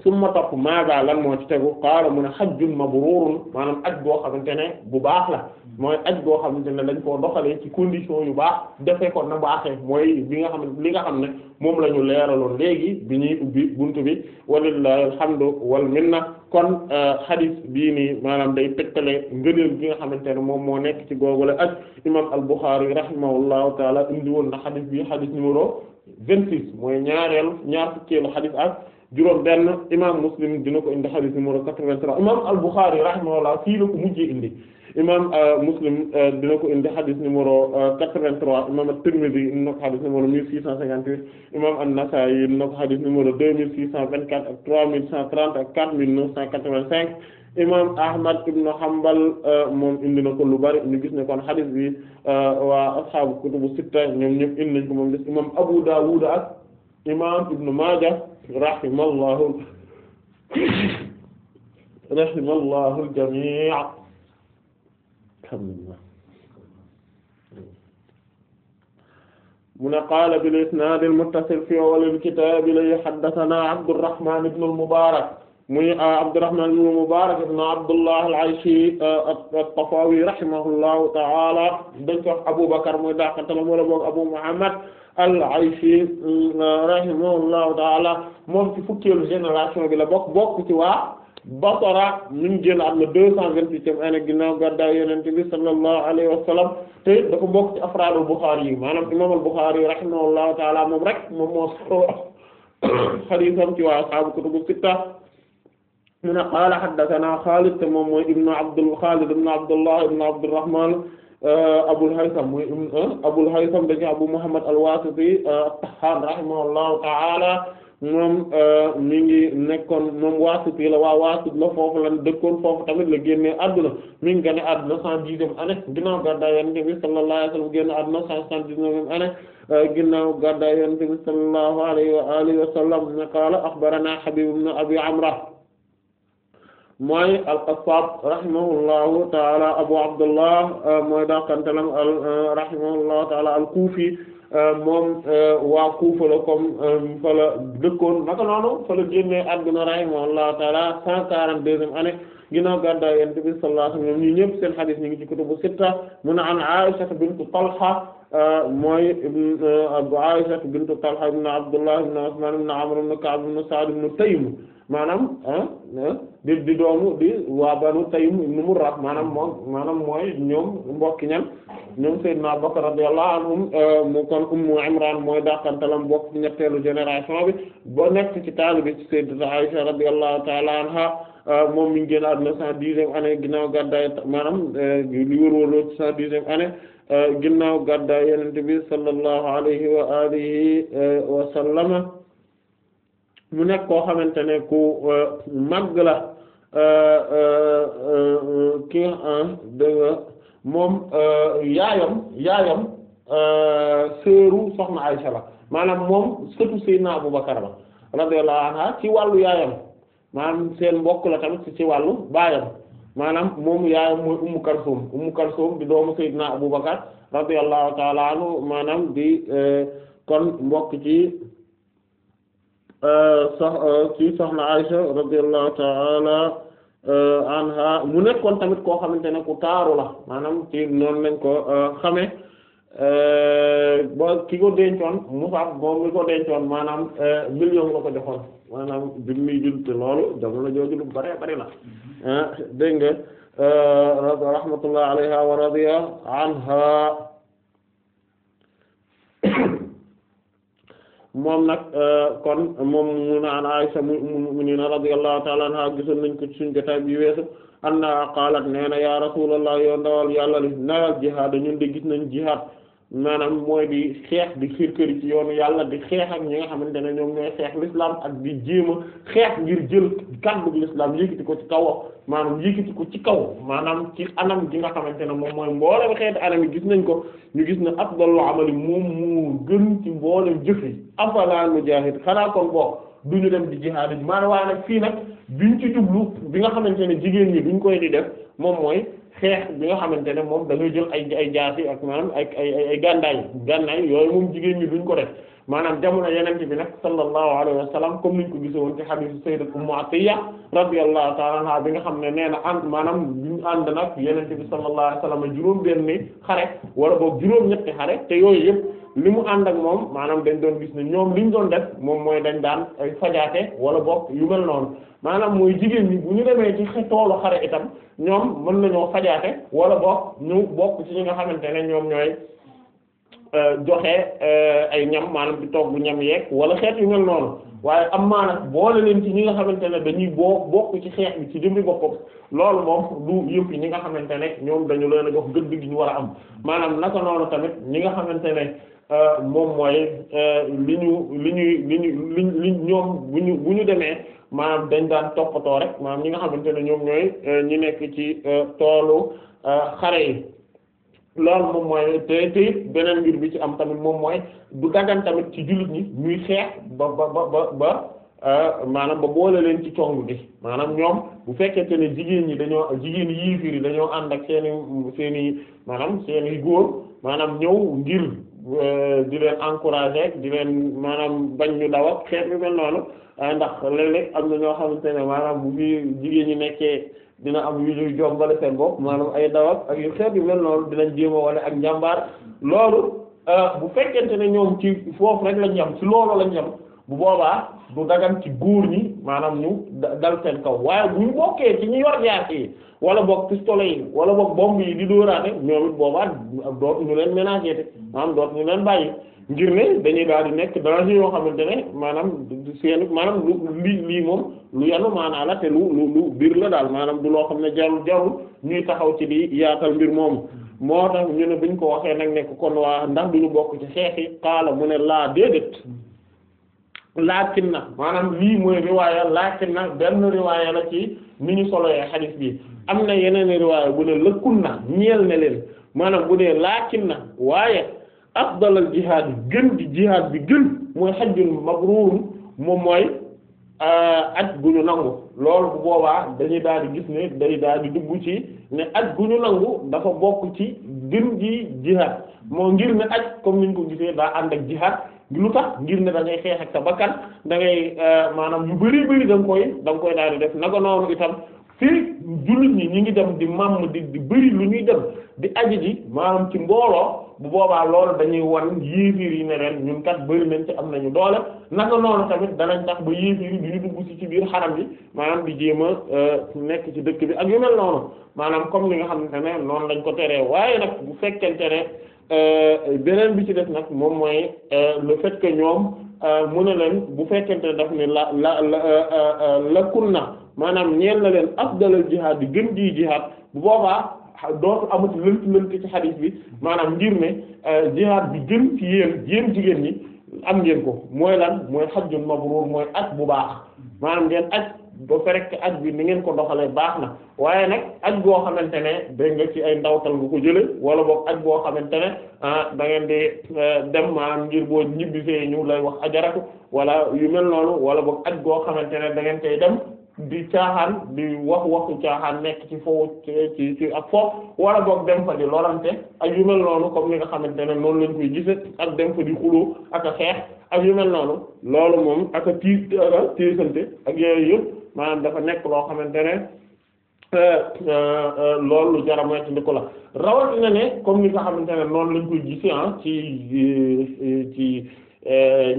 summa topp maaga lan moo ci tegu qaala mu ne hajjun mabruurun maanaam aj boo xamante ne bu baax la mooy aj boo xamante ne dañ koo doxalee ci condition yu baax defee ko na baaxe mooy bi nga xam li nga xam ne moom lañu leeraloon léegi bi ñuy ubbi buntu bi walillahi alhamdu wal minna kon hadith euh, bii nii maanaam day tegtale ngëneel gi nga xamante ne moom moo nekk ci googule aj imam al-Bukhari rahimahullahu taala indi woon na hadith bi hadith numéro vingt-six mooy ñaar fukkeelu hadith ak juróom benn imam muslim dina ko indi xadis numéro quatre-vingt-trois imam al-Bukhari rahimahullah fii la ko mujjee indi imam euh, muslim euh, dina indi xadis numéro euh, quatre-vingt-trois imam at-Tirmidhi dina ko xadis numéro mille six cent cinquante-huit imam an-Nasa'i dina ko xadis numéro deux mille six cent vingt-quatre trois mille cent trente quatre mille neuf cent quatre-vingt-cinq imam Ahmad ibn Hanbal moom indi na ko lu bari ñu gis ne kon xadis bi waa ashaabu kutubu sitta ñoom ñëpp indi nañ ko moom des imam Abu Dawud ak imam Ibn Maaja rahimallahu rahimallahu al-jamii' alhamdulillah mu ne qaala bil-isnaad al-muttasil fii awwalil kitaab li haddathanaa Abdurrahmaan ibn al-Mubaarak muy Abdurrahmaan ibn al-Mubaarak ibn Abdullah al-Aysi at-Tafawi rahimahullahu ta'aala dañ ko Abu Bakr muy dàqantalam wala boog Abu Muhammad al-Aysi euh, rahimahullahu taala moom ci fukkeelu génération bi la bokk bokk ci waa Basra ñu ngi génn am na deux cent vingt-huitième année ginnaaw gàddaay Yonent bi sallallahu alayhi wa sallam te bokk ci afraadul Buxaari yi maanaam imaam al-Buxaari rahimahullahu taala moom rek moom moo solo xadiisam ci waa ashaabu kutubu sitta mu ne qaala haddathanaa Xaalid te moom mooy ibnu Abdul Xaalid ibnu Abdullah ibnu Abdurrahmaan Euh, Abul Haytham muy euh, Abul Haytham dañu Abu Muhammad al-Wasiti euh, at-Tahan rahimahullahu moom mi nekkoon moom Wasiti la waa Wasit la foofu lan dëkkoon foofu tamit la génnee àdduna mi ngi gane àdduna cent dixième année ginnaaw gàddaay Yonent bi sallallahu wa sallam génn àdduna cent soixante-dix-neuvième année ginnaaw gàddaay Yonent bi wa alihi wa sallam qaala akhbaranaa Habib ibn Abi Amra mooy al-Qassab rahimahullahu taala Abu Abdullah euh, mooy daa kantalam al euh, rahimahullahu taala al-Kufi euh, moom waa Kufa la comme fa la dëkkoon naka noonu fa la génnee àdduna rahimahullahu taala cent quarante-deuxième année ginnaaw gàddaay Yonent bi sallallahu alayhi wa sallam ñoom ngi ci kutubu sitta mu ne an Aisha bintu Talha mooy ibn Aisha bintu Talha ibn Abdullah ibn Usman ibn Amr ibn Ka'b ibn Sa'd maanaam di di doomu di waa banu Taym ibn Murrah maanaam moom maanaam mooy ñoom mbokki ñan ñoom Seydina Abu Bakr radiyallahu anhum euh, mu kon Ummu Imran mooy dàqantalam bokk ci ñetteelu génération bi ba nekk ci bi ci Sayyidatu Aisha radiyallahu ta'ala anha euh, moom mi ngi génn àdduna cent dixième année ginnaaw gàddaay maanaam euh, li wërwërloo ci cent dixième année ginnaaw gàddaay Yonent bi sallallahu alayhi wa alihi wa sallama mu nekk koo xamante ne ku euh, màgg la euh, euh, ki nga ah, moom yaayam yaayam seeru soxna Aysa la maanaam moom sëtu Seydina Abu Bakar la radiyallahu anha ci wàllu yaayam maanaam seen mbokk la tamit ci wàllu baayam maanaam moom yaayam mooy Ummu Kalsum Ummu Kalsum di doomu Seydina Abu Bakar radiyallahu ta'ala maanaam di kon mbokk ci sox ci euh, soxna Aisha radiyallahu ta'ala euh, mu nekkoon tamit koo xamante ne ku taaru la maanaam ci noonu lañ ko euh, xame boo ki ko dencoon Musab moom mi ko dencoon maanaam million la ko joxoon maanaam junni julte loolu jamono jooju lu bare bari la mm-hmm. dégg nga rahmatullah alayha wa radiya anha moom nag euh, kon moom mu naan Aysa mu mu'minina radiyallahu ta'ala anha gisoon nañ ko ci suñu jotaay bi weesu anna qaalat nee na ya rasulullah yoo ndawal yàlla ni nawal jihaad ñun de gis nañ jihaad maanaam mooy di xeex di xirkëri ci yoonu yàlla di xeex ak ñi nga xamante ne ñoom ñooy xeex l'islam ak di jéem a xeex ngir jël kàddu l'islam yëkkati ko ci kaw maanaam yëkkati ko ci kaw maanaam ci anam gi nga xamante ne moom mooy mboolem xeeti anam yi gis nañ ko ñu gis ne afdalu amali moom mu gën ci mboolem jëf yi afala mujahid xanaa kon boo duñu dem di jihaad maanaam waaye nag fii nag biñ ci jublu bi nga xamante ne jigéen ñi duñ koy di def moom mooy xeex bi nga xamante ne moom dañuy jël ay ay jaasi ak maanaam ay ay ay gànnaay yooyu moom jigéen ñi duñ ko def maanaam jamono yenente bi nag sallallahu alayhi wa sallam comme niñ ko gisoon ci hadith sayyidat ummu atiya radiyallahu ta'ala anha bi nga xam ne nee na ànd maanaam duñ ànd nag yenente bi sallallahu alayhi wa sallam juróom benni xare wala boog juróom ñetti xare te yooyu yëpp li mu ànd ak moom maanaam dañ doon gis ne ñoom li ñu doon def moom mooy dañ daan ay fajaate wala bokk yu mel noonu maanaam mooy jigéen ñi bu ñu demee ci toolu xare itam ñoom mën nañoo fajaate wala bokk ñu bokk ci ñi nga xamante ne ñoom ñooy euh, joxe euh, ay ñam maanaam di togg ñam yeeg wala xeet yu mel noonu waaye am maanaam boole leen ci ñi nga xamante ne dañuy boo bokk ci xeex bi ci jëmmi boppam loolu moom du yëpp ñi nga xamante ne ñoom dañu leen a jox gëdd gi ñu war a am maanaam naka noonu tamit ñi nga xamante ne. Euh, moom mooy euh, li ñu li ñuy li ñu li li ñoom bu ñu bu ñu demee maanaam dañ daan toppatoo rek maam ñi nga xamante ne ñoom ñooy euh, ñi nekk ci toolu xare yi loolu moom mooy te te it beneen mbir bi ci am tamit moom mooy du daggan tamit ci jullit ñi ñuy xeex ba ba ba ba maanaam ba boole leen ci cong bi maanaam ñoom bu fekkente ne jigéen ñi dañoo jigéen yi dañoo ànd ak seeni seeni maanaam seeni góor maanaam ñëw ngir Euh, di leen encourager di leen maanaam bañ ñu daw ak xeet yu mel noonu euh, ndax léeg-léeg am na ñoo xamante ne maanaam bu fi jigéen ñi nekkee dina am yu ñuy jombale seen bopp maanaam ay daw ak yu xeet yu mel noonu dinañ jéem a ak njàmbaar loolu euh, bu fekkente ne ñoom ci foofu rek lañ yam ci loolu lañ yam bu boobaa du dagan ci góor ñi maanaam ñu dal seen kaw waaye bu ñu bokkee ci ñu yor jaas yi wala boog pistolet yi wala boog bomb yi di dóoraate ñoom it boobaa doot ñu leen ménager te maanaam doot ñu leen bàyyi ngir ne dañuy daal di nekk danger yoo xamante ne maanaam seen maanaam lu lii lii moom lu yanu maanaa la te lu lu lu biir la daal maanaam du loo xam ne jarul jarul ñuy taxaw ci lii yaatal mbir moomu moo tax ñu ne buñ ko waxee nag nekk kon waa ndax ñu bokk ci xeex yi xaala mu ne laa déedéet laakin na maanaam lii mooy riwaaya laakin na benn riwaaya la ci ni ñu soloyee xadis bi am na yeneen riwaaya bu ne lëkkun na ñeel ne leen maanaam bu ne laakin na waaye afdalal jihaad bi gën di bi gën mooy xajjul mabruur moom mooy euh, at gu ñu nangu loolu bu boobaa dañuy daal di gis ne day daal di ci ne at gu ñu nangu dafa bokk ci gën gi jihaad moo ngir ne aj comme niñ ko gisee daa ànd ak jihaad lu tax ngir ne da ngay xeex ak sa bakkan dangay ngay euh, maanaam yu bari bari da koy da koy daal def naka noonu itam fii jullit yi ñu ngi dem di màmm di di bari lu ñuy dem di aji ji maanaam ci mbooloo bu boobaa loolu dañuy wan yéefiir yi ne leen ñun kat bari nañ ci am nañu doole naka noonu tamit danañ tax ba yéefiir yi ñu dugg ci ci biir xaram bi maanaam di jéem a euh, nekk ci dëkk bi ak yu mel noonu maanaam comme li nga xam ne noonu lañ ko teree waaye nag bu fekkente ne Euh, beneen bi ci def nag moom mooy euh, le fait que ñoom euh, mu ne leen bu fekkente ne daf ne la la la lakkun maanaam ñeen la leen ab afdalal jihaad di gën ji jihaad bu boobaa dootu amati lënt lënt ci xadiis bi maanaam ngir ne jihaad bi gën ci yéen yéen jigéen ñi am ngeen ko mooy lan mooy xajjun mabruur mooy at bu baax maanaam ngeen at ba pare que aj bi ni ngeen ko doxalee baax na waaye nag aj boo xamante ne dégg nga ci ay ndawtal bu ko jëlee wala boog aj boo xamante ne ah da ngeen di eh, dem ah, ngir boo ñibbisee ñu lay wax ajaratu wala yu mel noonu wala boog aj boo xamante ne da ngeen koy dem. di caaxaan di wax waxu caaxaan nekk ci foofu ci ci ak foofu wala boog dem fa di lorante ak yu mel noonu comme ni nga xamante ne noonu lañ koy gise ak dem fa di xuloo ak a xeex ak yu mel noonu loolu moom ak a tiis ak a tiisante ak yooyu yëpp maanaam dafa nekk loo xamante ne euh, euh, euh, loolu jara moytandiku la na ne comme ni nga xamante ne noonu lañ koy gisi ah ci ci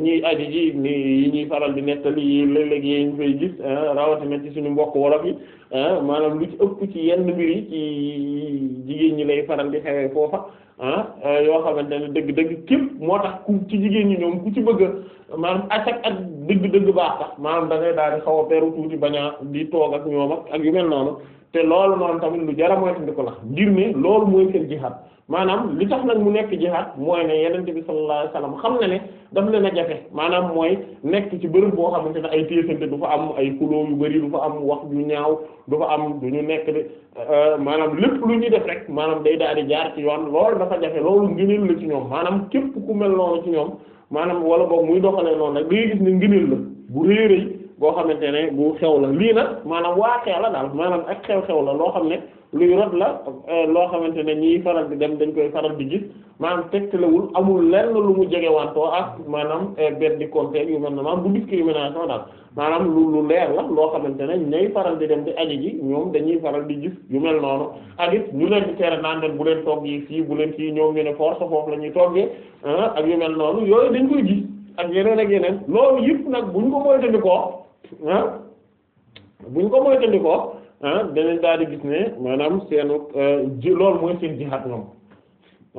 ñi aji ji ni yi ñuy faral di nettali yi léeg-léeg yi ñu fay gis ah, rawatina ci suñu mbokk wolof yi ah, maanaam lu ci ëpp ci yenn mbir yi ci jigéen ñi lay faral di xewee foofa ah yoo xamante ne dëgg-dëgg képp moo tax ku ci jigéen ñi ñoom ku ci bëgg maanaam acak ak dëgg-dëgg baax sax maanaam da ngay daal di xaw a peru tuuti bañ a di toog ak ñoom ak yu mel noonu te loolu noonu tamit lu jara mooy tandi ko la ngir ne loolu mooy seen jihaad maanaam li tax nag mu nekk jixaat mooy ne yeneen bi sallallahu alayhi wasallam xam ne daf leen jafe maanaam mooy nekk ci bërëb boo xamante ne ay téesante du fa am ay kuloo yu bari du fa am wax yu ñaaw du fa am du ñu nekk de euh, maanaam lépp lu ñuy def rek maanaam day daal di jaar ci yoon lool dafa jafe loolu ngëneel la ci ñoom maanaam képp ku mel noo ci ñoom maanaam wala boog muy doxalee noon nag da ngay gis ne ngëneel la bu boo xamante ne bu xew la lii nag maanaam waaxee la daal maanaam ak xew-xew la loo xam ne luy rot la euh, loo xamante ne ñii faral di dem dañ koy faral di gis maanaam tegtalewul amul lenn lu mu jegewantoo ak maanaam euh, benn compteur yu mel ne maanaam bu discrimination daal maanaam lu leer la loo xamante ne ñay faral di dem di aji ji ñoom dañuy faral di gis yu mel noonu ak ñu leen di tere naan leen bu leen toog yi fii bu leen fii ñoom ñu ne force foofu la ñuy toggee ah, ak yu mel noonu yooyu dañ koy gis ak yeneen ak yeneen loolu yëpp nag bu buñ ko moytandikoo ah buñ ko moytandikoo ah danañ daal di gis ne maanaam seenu euh, ji loolu mooy seen jihaad ñoom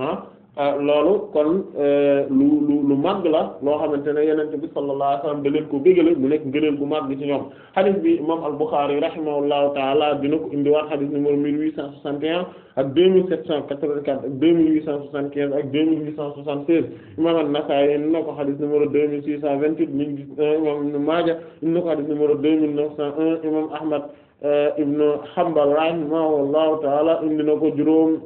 ah Euh, loolu kon euh, lu lu lu màgg la loo xamante ne yenente bi sallallahu alayhi wasallam da leen ko bégale mu nekk ngëneel bu màgg ci ñoom xadis bi imam al-Bukhari rahimahullahu taala dina ko indiwaat xadis numéro 1861 ak 2784 ak 2875 ak 2876 imam an-Nasa'i indi na ko xadis numéro 2628 mingi euh, imam Ibn Maaja indi na ko xadis numéro 2901 imam Ahmad ibn Hanbal rahimahullahu taala indi na ko juróom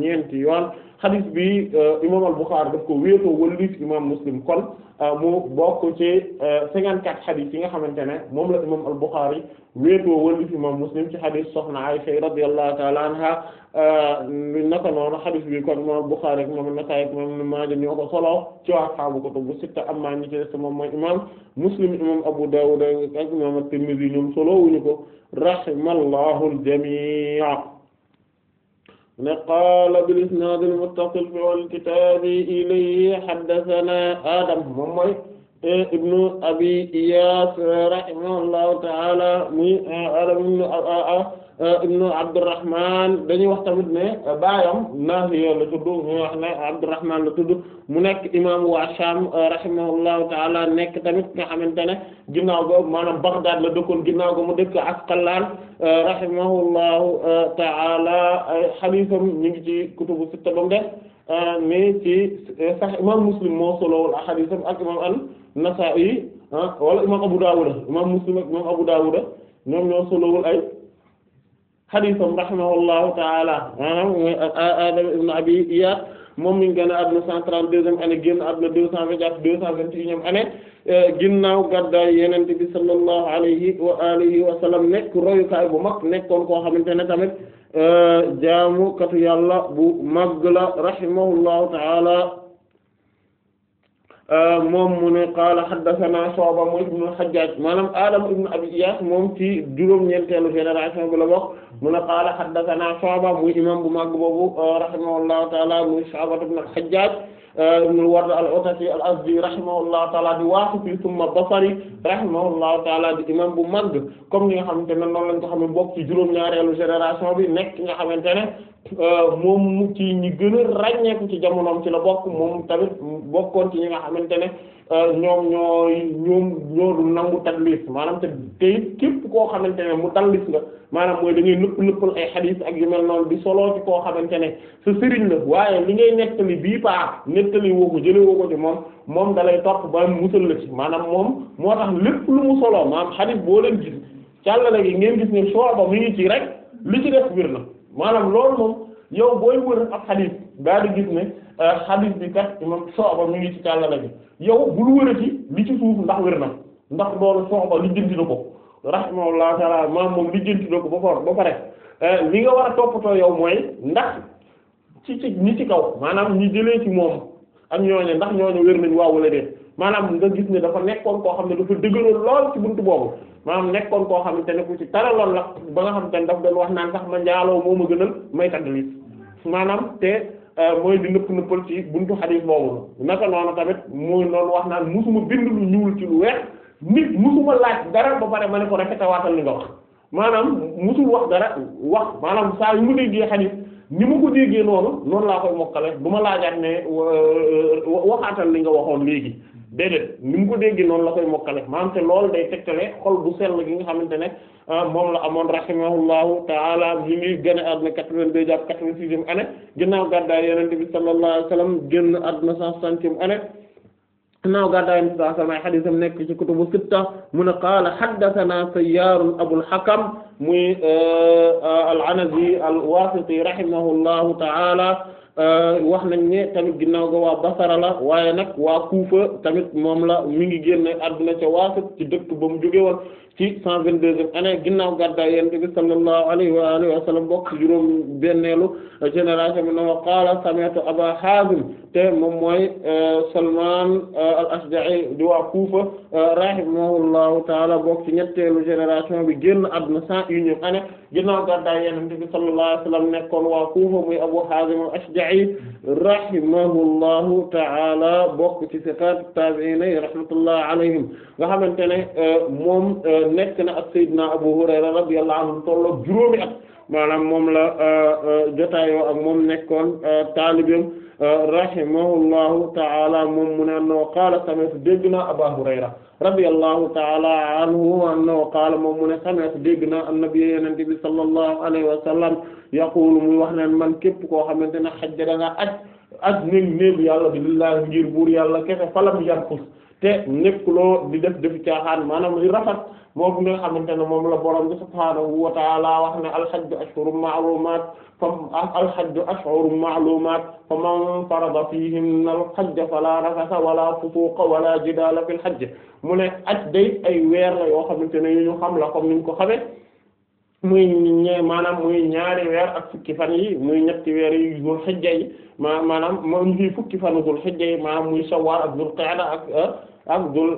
ñeenti yoon xadis bi euh, imam al-Bukhari daf ko wéetoo wëllit imam Muslim kon euh, mu bokk ci euh, cinquante quatre xadis yi nga xamante ne moom la imam al-Bukhari wéetoo wëllit imam Muslim ci xadis soxna Aysa radiyallahu ta'ala anha naka noonu xadis bi kon imam al-Bukhari ak imam an-Nasa'i ak imam Ibn Maaja ñoo ko solo ci waa xaabu kutubu sitta amma ñi ci des moom mooy imam Muslim imam Abu Dawud ak imam at-Tirmidhi ñoom solo wuñu ko rahimallahu al-jami' ne qaala bil isnaad al muttasil fi al kitaabi ilayhi haddathana Adam moom mooy E, ibnu abi iyas rahimahullahu ta'ala e, e, ibnu abdurrahman dañuy wax tamit ne baayam Naafiya la tudd mu nekk imam waa Sham rahimahullahu nekk tamit nga xamante ne ginnaaw ga maanaam Baghdad la dëkkoon ginnaaw ga mu dëkk Asqalaan rahimahullahu ta'ala ay xadiisam ñu ngi ci kutubu sitta bam def mais ci sax imam Muslim moo solowul a xadiisam ak imam al Nasaa'i ah, wala imam Abu Dawud imam Muslim ak imam Abu Dawud ñoom ñoo solowul ay xadiisam rahimahullahu taala maanaam ah, mooy Adam ibn Abi Iyas moom mi ngi génn àdduna cent trente-deuxième année génn àdduna deux cent vingt ak deux cent vingt et unième année eh, ginnaaw gàddaay Yonent bi sallallahu alayhi wa alihi wa sallam nekk royukaay bu mag nekkoon koo xamante ne tamit eh, jaamukatu yàlla bu mag la rahimahullahu taala moom mu ne qaala haddathana Shu'ba mu ibnu al maanaam Adam ibnu Abi Iyas moom ci juróom-ñeenteelu génération bi la bokk mu ne qaala haddathana Shu'ba muy imam bu mag boobu rahimahullahu ta'ala muy Shu'ba ibnu al ibn al-Ward al-Ataki al-Azdi rahimahullahu taala di Wasiti thumma Basri rahimahullahu taala di imam bu mag comme ni nga xamante ne noonu lañ ko xam ne bokk ci juróom-ñaareelu génération bi nekk nga xamante ne euh, moom mu ci ñi gën a ràññeeku ci jamonoom ci la bokk moom tamit bokkoon ci ñi nga xamante ne Euh, ñoom ñooy ñoom ñoo du nangu tadlis maanaam te tey képp koo xamante ne mu dallis nga maanaam mooy da ngay nëpp nëppal ay xadiis ak yu mel noonu di soloo ci koo xamante ne sa sëriñ la waaye li ngay nettali bii paa nettali woo ko jële woo ko ci moom moom dalay topp ba musal la ci maanaam moom moo tax lépp lu mu soloo maanaam xadiis boo leen gis càllale gi ngeen gis ne sooba mi ngi ci rek li ci def wér na maanaam loolu moom yow booy wër ak xadiis di gis xadis euh, bi kat imam Shu'ba mi ngi ci càllala bi yow bul wërati li ci suuf ndax wér na ndax loolu Shu'ba lijjanti na ko rahimahullahu ta'ala maam moom lijjanti na ko ba for ba pare euh, li nga war a toppatoo yow mooy ndax ci ci ñi ci kaw maanaam ñi jëlee ci moom ak ñooñu ndax ñooñu wér nañ waaw wala déet maanaam nga gis ne dafa nekkoon koo xam ne dafa dëgëroon lool ci bunt boobu maanaam nekkoon koo xamante ne ku ci taraloon la ba nga xamante ne daf doon wax naan sax ma njaaloo moo ma gënal may tàggat maanaam Euh, mooy di nëpp nëppal ci buntu xadiis boobu naka noonu tamit mooy noonu wax naan musuma bind lu ñuul ci lu weex nit musuma laaj dara ba pare ma ne ko te waatal li nga wax maanaam musul wax dara wax maanaam saa yu mu déggee xadiis ni ma ko déggee noonu noonu laa koy mokkale du ma laajaat ne euh, waxaatal li nga waxoon léegi déedéet ni mu ko déggee noonu la koy mokkale maanaam te loolu day tegtale xol bu sell gi nga xamante ne euh, moom la amoon rahimahullahu taala li muy génn àdduna quatre-vingt-deux jàpp quatre-vingt-sixième année ginnaaw gàddaay Yonent bi sallallahu alayhi wa sallam génn àdduna cent soixantième année ginnaaw gàddaay Yonent bi sallallahu alayhi wa sallam ay hadiisam nekk ci kutubu sitta mu ne qaala haddathanaa Sayyaar Abul Hakam muy euh, euh, al-Anazi al-Wasiti rahimahullahu ta'ala euh, wax nañ ne tamit ginnaaw ga waa Basara la waaye nag waa Kufa tamit moom la mi ngi génne àdduna ca Waasit ci dëkk ba mu jóge ci cent vingt-deuxième année ginnaaw gàddaay Yonent bi sallallahu alayhi wa alihi wa sallam bokk juróom benneelu génération bi na wa qaala sami'tu Aba Hazim te moom mooy Salman al-Ashja'i di waa Kufa rahimahullahu taala bokk ci ñetteelu génération bi génn àdduna cent unième année ginnaaw gàddaay Yonent bi sallallahu alayhi nekkoon waa Kuufa muy Abu Haazim al-Ashja'i rahimahullahu taala bokk ci siqaat taabi'iin yi rahmatullahi alayhim nga xamante ne euh, moom euh, nekk na ak Seydina Abu Hurayra radiyallahu anhu tolloog juróomi at maanaam moom la euh, jotaayoo ak moom nekkoon taalibam rahimahullahu ta'ala moom mu ne annahu qaala sami'tu dégg naa Aba Hurayra radiyallahu ta'ala anhu annahu qaala moom mu ne sami'tu dégg naa annabi yenente bi sallallahu alayhi wa sallam yaqulu muy wax naan man képp koo xamante ne xajja da nga aj aj néeg néegu yàlla bi lillahi ngir buur yàlla kese falam yarfus te nekkuloo di def defu caaxaan maanaam li rafet boobu nga xamante ne moom la borom bi subhaanahu wax ne alxajju ashhurun ma'lumaat fa alxajju ashhurun ma'lumaat fa man farada fiihinna alxajja fala rafasa wala fusuuqa wala jidaala fil xajj mu ne aj day ay weer la yoo xamante ne yu ñu xam la comme niñ ko xamee muy maanaam muy ñaari weer ak fukki fan yi muy ñetti weer yi zul xijja yi ma maanaam moom fukki fan zul xijja muy sawar ak zul qaada ak euh, ak zul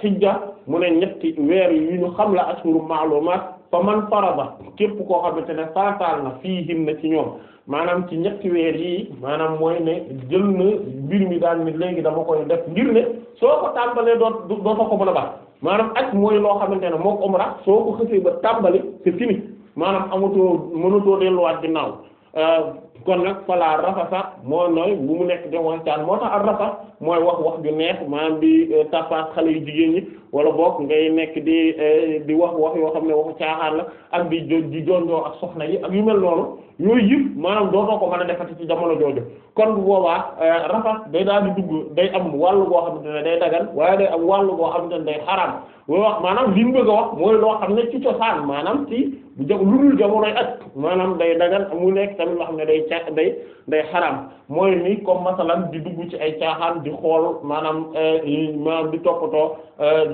xijja mu ne ñetti weer yi ñu xam la ashuru maalumaat fa man farada képp koo xamante ne farataal na fii him na ci ñoom maanaam ci ñetti weer yi maanaam mooy ne jël na mbir mi daal mi léegi dama koy def ngir ne soo ko tàmbalee doo doo ko mën a baax maanaam ak mooy loo xamante ne moom umra soo ko xësee ba tàmbali c'est fini maanaam amatoo mënatoo delluwaat ginnaaw euh, kon nag falaa rafasa moo nooy bu mu nekk de waxtaan moo tax ak rafa mooy wax wax ju neex maanaam di euh, tapas xale yu jigéen yi wala boog ngay nekk di eh, di wax wax yoo xam ne waxu caaxaan la ak di di jonjoo ak soxna yi ak yu mel loolu yooyu yëpp maanaam dootoo ko mën a defati ci jamono jooju kon bu boobaa eh, rafas day daal di dugg day am wàllu goo xamante ne day dagal waaye day wàllu goo xamante ne day xaraam loo wax maanaam li mu bëgg a wax mooy loo xam ne ci cosaan maanaam ci lu dul jamonoy at maanaam day dagal mu nekk tamit loo xam ne day ca day day xaraam mooy ni comme masalan di dugg ci ay caaxaan di xool maanaam eh, maanaam di toppatoo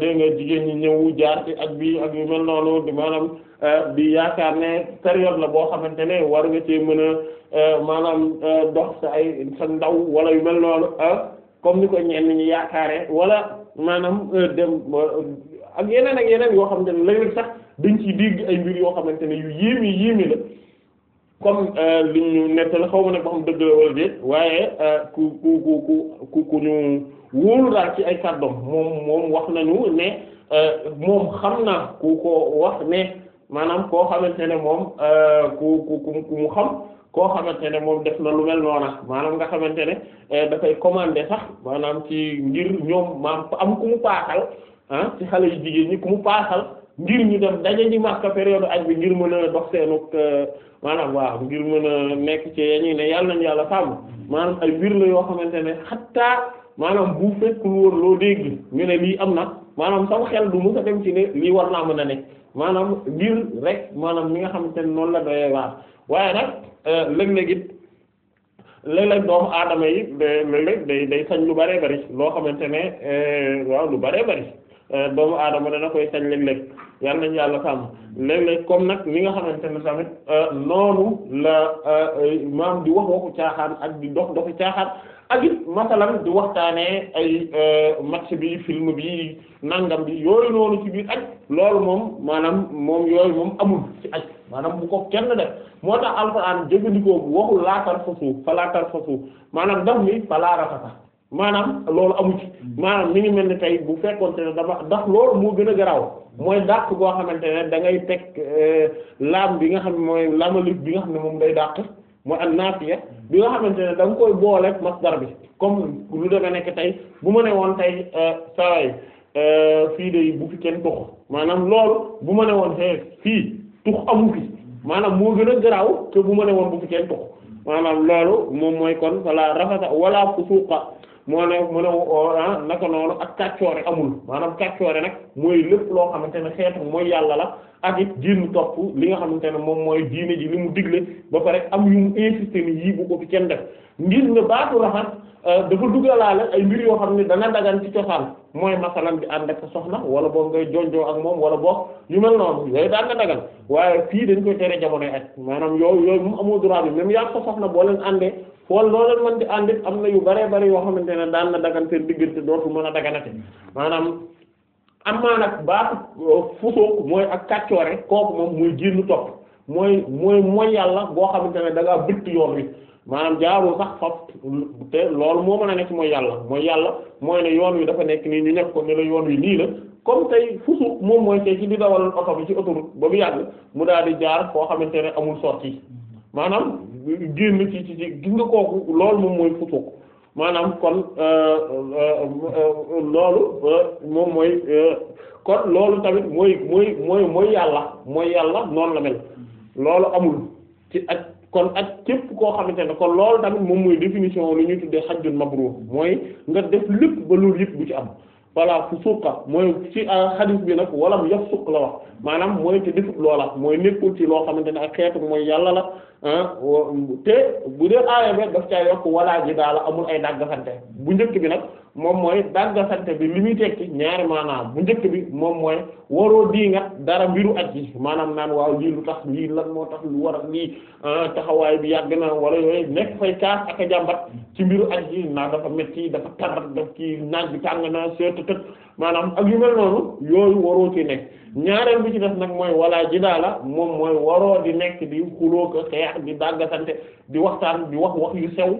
dégg nga jigéen ñi ñëw jaar ci ak bi ak yu mel noonu di maanaam eh, di yaakaar ne période la boo xamante ne war nga cee mën a eh, maanaam eh, dox sa ay sa ndaw wala yu mel noonu ah, comme ni ko ñenn ñi yaakaare wala maanaam dem ak yeneen ak yeneen yoo xamante ne léeg-léeg sax dañ ciy dégg ay mbir yoo xamante ne yu yéeme yéeme la comme li ñu nettali xaw ma nag ba xam dëgg la wala déet waaye ku ku ku ku ku ñu. wóolu daal ci ay kàddoom moom moom wax nañu ne euh, moom xam naa ku ko wax ne maanaam koo xamante ne moom euh, ku ku ku mu xam koo xamante ne moom def na lu mel noona maanaam nga xamante ne euh, dafay commander sax maanaam ci ngir ñoom maam am ku mu paaxal ah ci xale yu jigéen ñi ku mu paaxal ngir ñi dem a ñi Makka période aj bi ngir mën a dox seenuk maanaam waa ngir mën a nekk ci yañuy ne yàlla nañu yàlla sàmm maanaam ay mbir la yoo xamante ne xattaa maanaam bu fekkul loo dégg ñu ne lii am na maanaam sama xel du mës a dem ci ne lii war naa mën na ne maanaam ngir rek maanaam mi nga xamante ne noonu la doyee waar waaye nag euh, léeg-léeg it léeg-léeg doomu aadama yi léeg-léeg day sañ lu bëree bari loo xamante ne euh, waaw lu bëree bari Euh, doomu aadama dana koy sañ léeg-léeg yal nañu yàlla sàmm léeg-léeg comme nag li nga xamante ne tamit euh, noonu la euh, maam di wax waxu caaxaan ak di dox doxu caaxaan ak it masalan di waxtaanee ay match bi film bi nangam bi yooyu noonu ci biir aj loolu moom maanaam moom yooyu moom amul ci aj maanaam bu ko kenn def moo tax alxuraan jëfandikoo bu waxul laatar fasu fa laatar fasu maanaam daf ni fa laarafata maanaam loolu amu ci hmm. maanaam mi ngi mel ni tey bu fekkoonte ne dafa ndax loolu moo gën a garaaw mooy dàq goo xamante ne da ngay teg euh, laam bi nga xam ne mooy lamalif bi nga xam ne moom day dàq mooy ak naafiya bi nga xamante ne da nga koy booleeg masdar bi comme lu a nekk tey bu ma ne woon tey euh, saway euh, fii de bu fi tux maanaam loolu bu ma woon xee fii tux maanaam moo gën a garaaw te bu ma ne woon bu fi kenn tux maanaam loolu moom mooy kon wala rafata wala fusuqa moo ne mu ne ah naka noonu ak kàccoore amul maanaam kàccoore nag mooy loo xamante ne xeetu mooy yàlla la ak it diinu topp li nga xamante ne moom mooy diine ji li mu digle ba pare am yu mu insisté ni yii bu ko fi kenn def ngir ne baatu raxas euh, dafa duggalaale ay mbir yoo xam ne dana dagan ci cosaan mooy masalan bi ànd ak soxna wala boog ngay jonjoo ak moom wala boog yu mel noonu yooyu daan na dagan waaye fii dañ koy tere jamonoy ak maanaam yooyu yooyu moom amoo droit bi même yaa ko na boo leen àndee xool loo man di ànd it am na yu bare bare yoo xamante ne daan na dagan seen diggante dootu mën a daganate maanaam am naa nag baaxu euh, fusook mooy ak kàccoore kooku moom muy génn topp mooy mooy mooy yàlla boo xamante ne da ngaa bëtt yoon wi maanaam jaarul sax faf te loolu moo mën a nekk mooy yàlla mooy yàlla mooy ne yoon wi dafa nekk nii ñu nekk ko ne la yoon wi nii la comme tey fusuuk moom mooy tey ci di dawal oto bi ci autoroute ba mu yàgg mu daal di jaar foo xamante ne amul sortie maanaam génn ci ci ci gi nga kooku loolu moom mooy fusuq maanaam kon euh, euh, euh, loolu moom mooy kon loolu tamit mooy mooy mooy mooy yàlla mooy yàlla noonu la mel loolu amul ci ak kon ak képp koo xamante ne kon loolu tamit moom mooy définition lu ñu tuddee hajjun mabrur mooy nga def lépp ba loolu yëpp bu ci am voilà fu suqa mooy ci xadis bi nag walam yaf suq la wax maanaam mooy te defut loola mooy nekkul ci loo xamante ne ak xeetu mooy yàlla la te bu dee aaya bi daf caa yokk walaa ji daala amul ay dàggasante bu njëkk bi nag moom mooy dàggasante bi li muy tekki ñaari maanaam bu njëkk bi moom mooy waroo di nga dara mbiru at yi maanaam naan waaw lii lu tax lii lan moo tax lu war a lii taxawaay bi yàgg na wala yooyu nekk fay kaas ak a jàmbat ci mbiru at yi naa dafa metti dafa tarat daf kii naaj bi tàng na seet tët maanaam ak yu mel noonu yooyu waroo ci nekk ñaareel bi ci def nag mooy wala jidaala moom mooy waroo di nekk di xuloo ko xeex di dàggasante di waxtaan di wax wax yu sew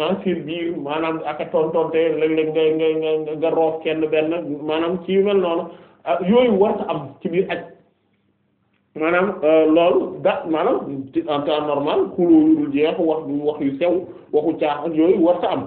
ah biir maanaam ak a tontonte léeg-léeg nga nga nga nga roof kenn benn maanaam ci yu mel noonu ah, yooyu warta am ci biir ak maanaam euh, loolu da maanaam ci en temps normal xuloo yu dul jeex wax yu sew waxu caax ak yooyu war ta am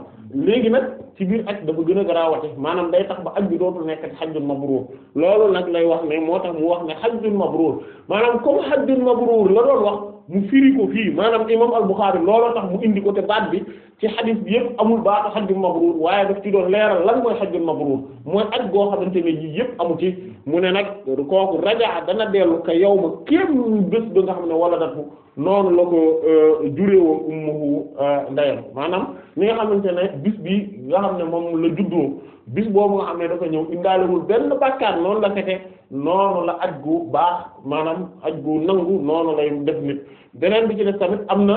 léegi nag ci biir aj dafa gën a garaawate maanaam day tax ba aj bi dootul nekk hajjun mabruur loolu nag lay wax ne moo tax mu wax ne hajjun mabruur maanaam comme hajjun mabruur la doon wax mu firi ko fii maanaam imam al-Bukhari looloo tax mu indi ko te baat bi ci xadis bi yëpp amul baatu xajjul mabruur waaye daf ci doon leeral lan mooy xajjul mabruur mooy ak goo xamante ne yii yëpp amu ci mu ne nag kooku rajaa dana dellu ka yow ma kéem bés ba nga xam ne wala dat noonu la ko euh, jureewoon ummuhu euh, ndeyam maanaam mi nga xamante ne bis bi nga xam ne moom la juddoo bis boobu nga xam ne dafa ñëw indaalewul benn bàkkaar noonu la fete noonu la aj gu baax maanaam aj gu nangu noonu lay def nit beneen bi ci def tamit am na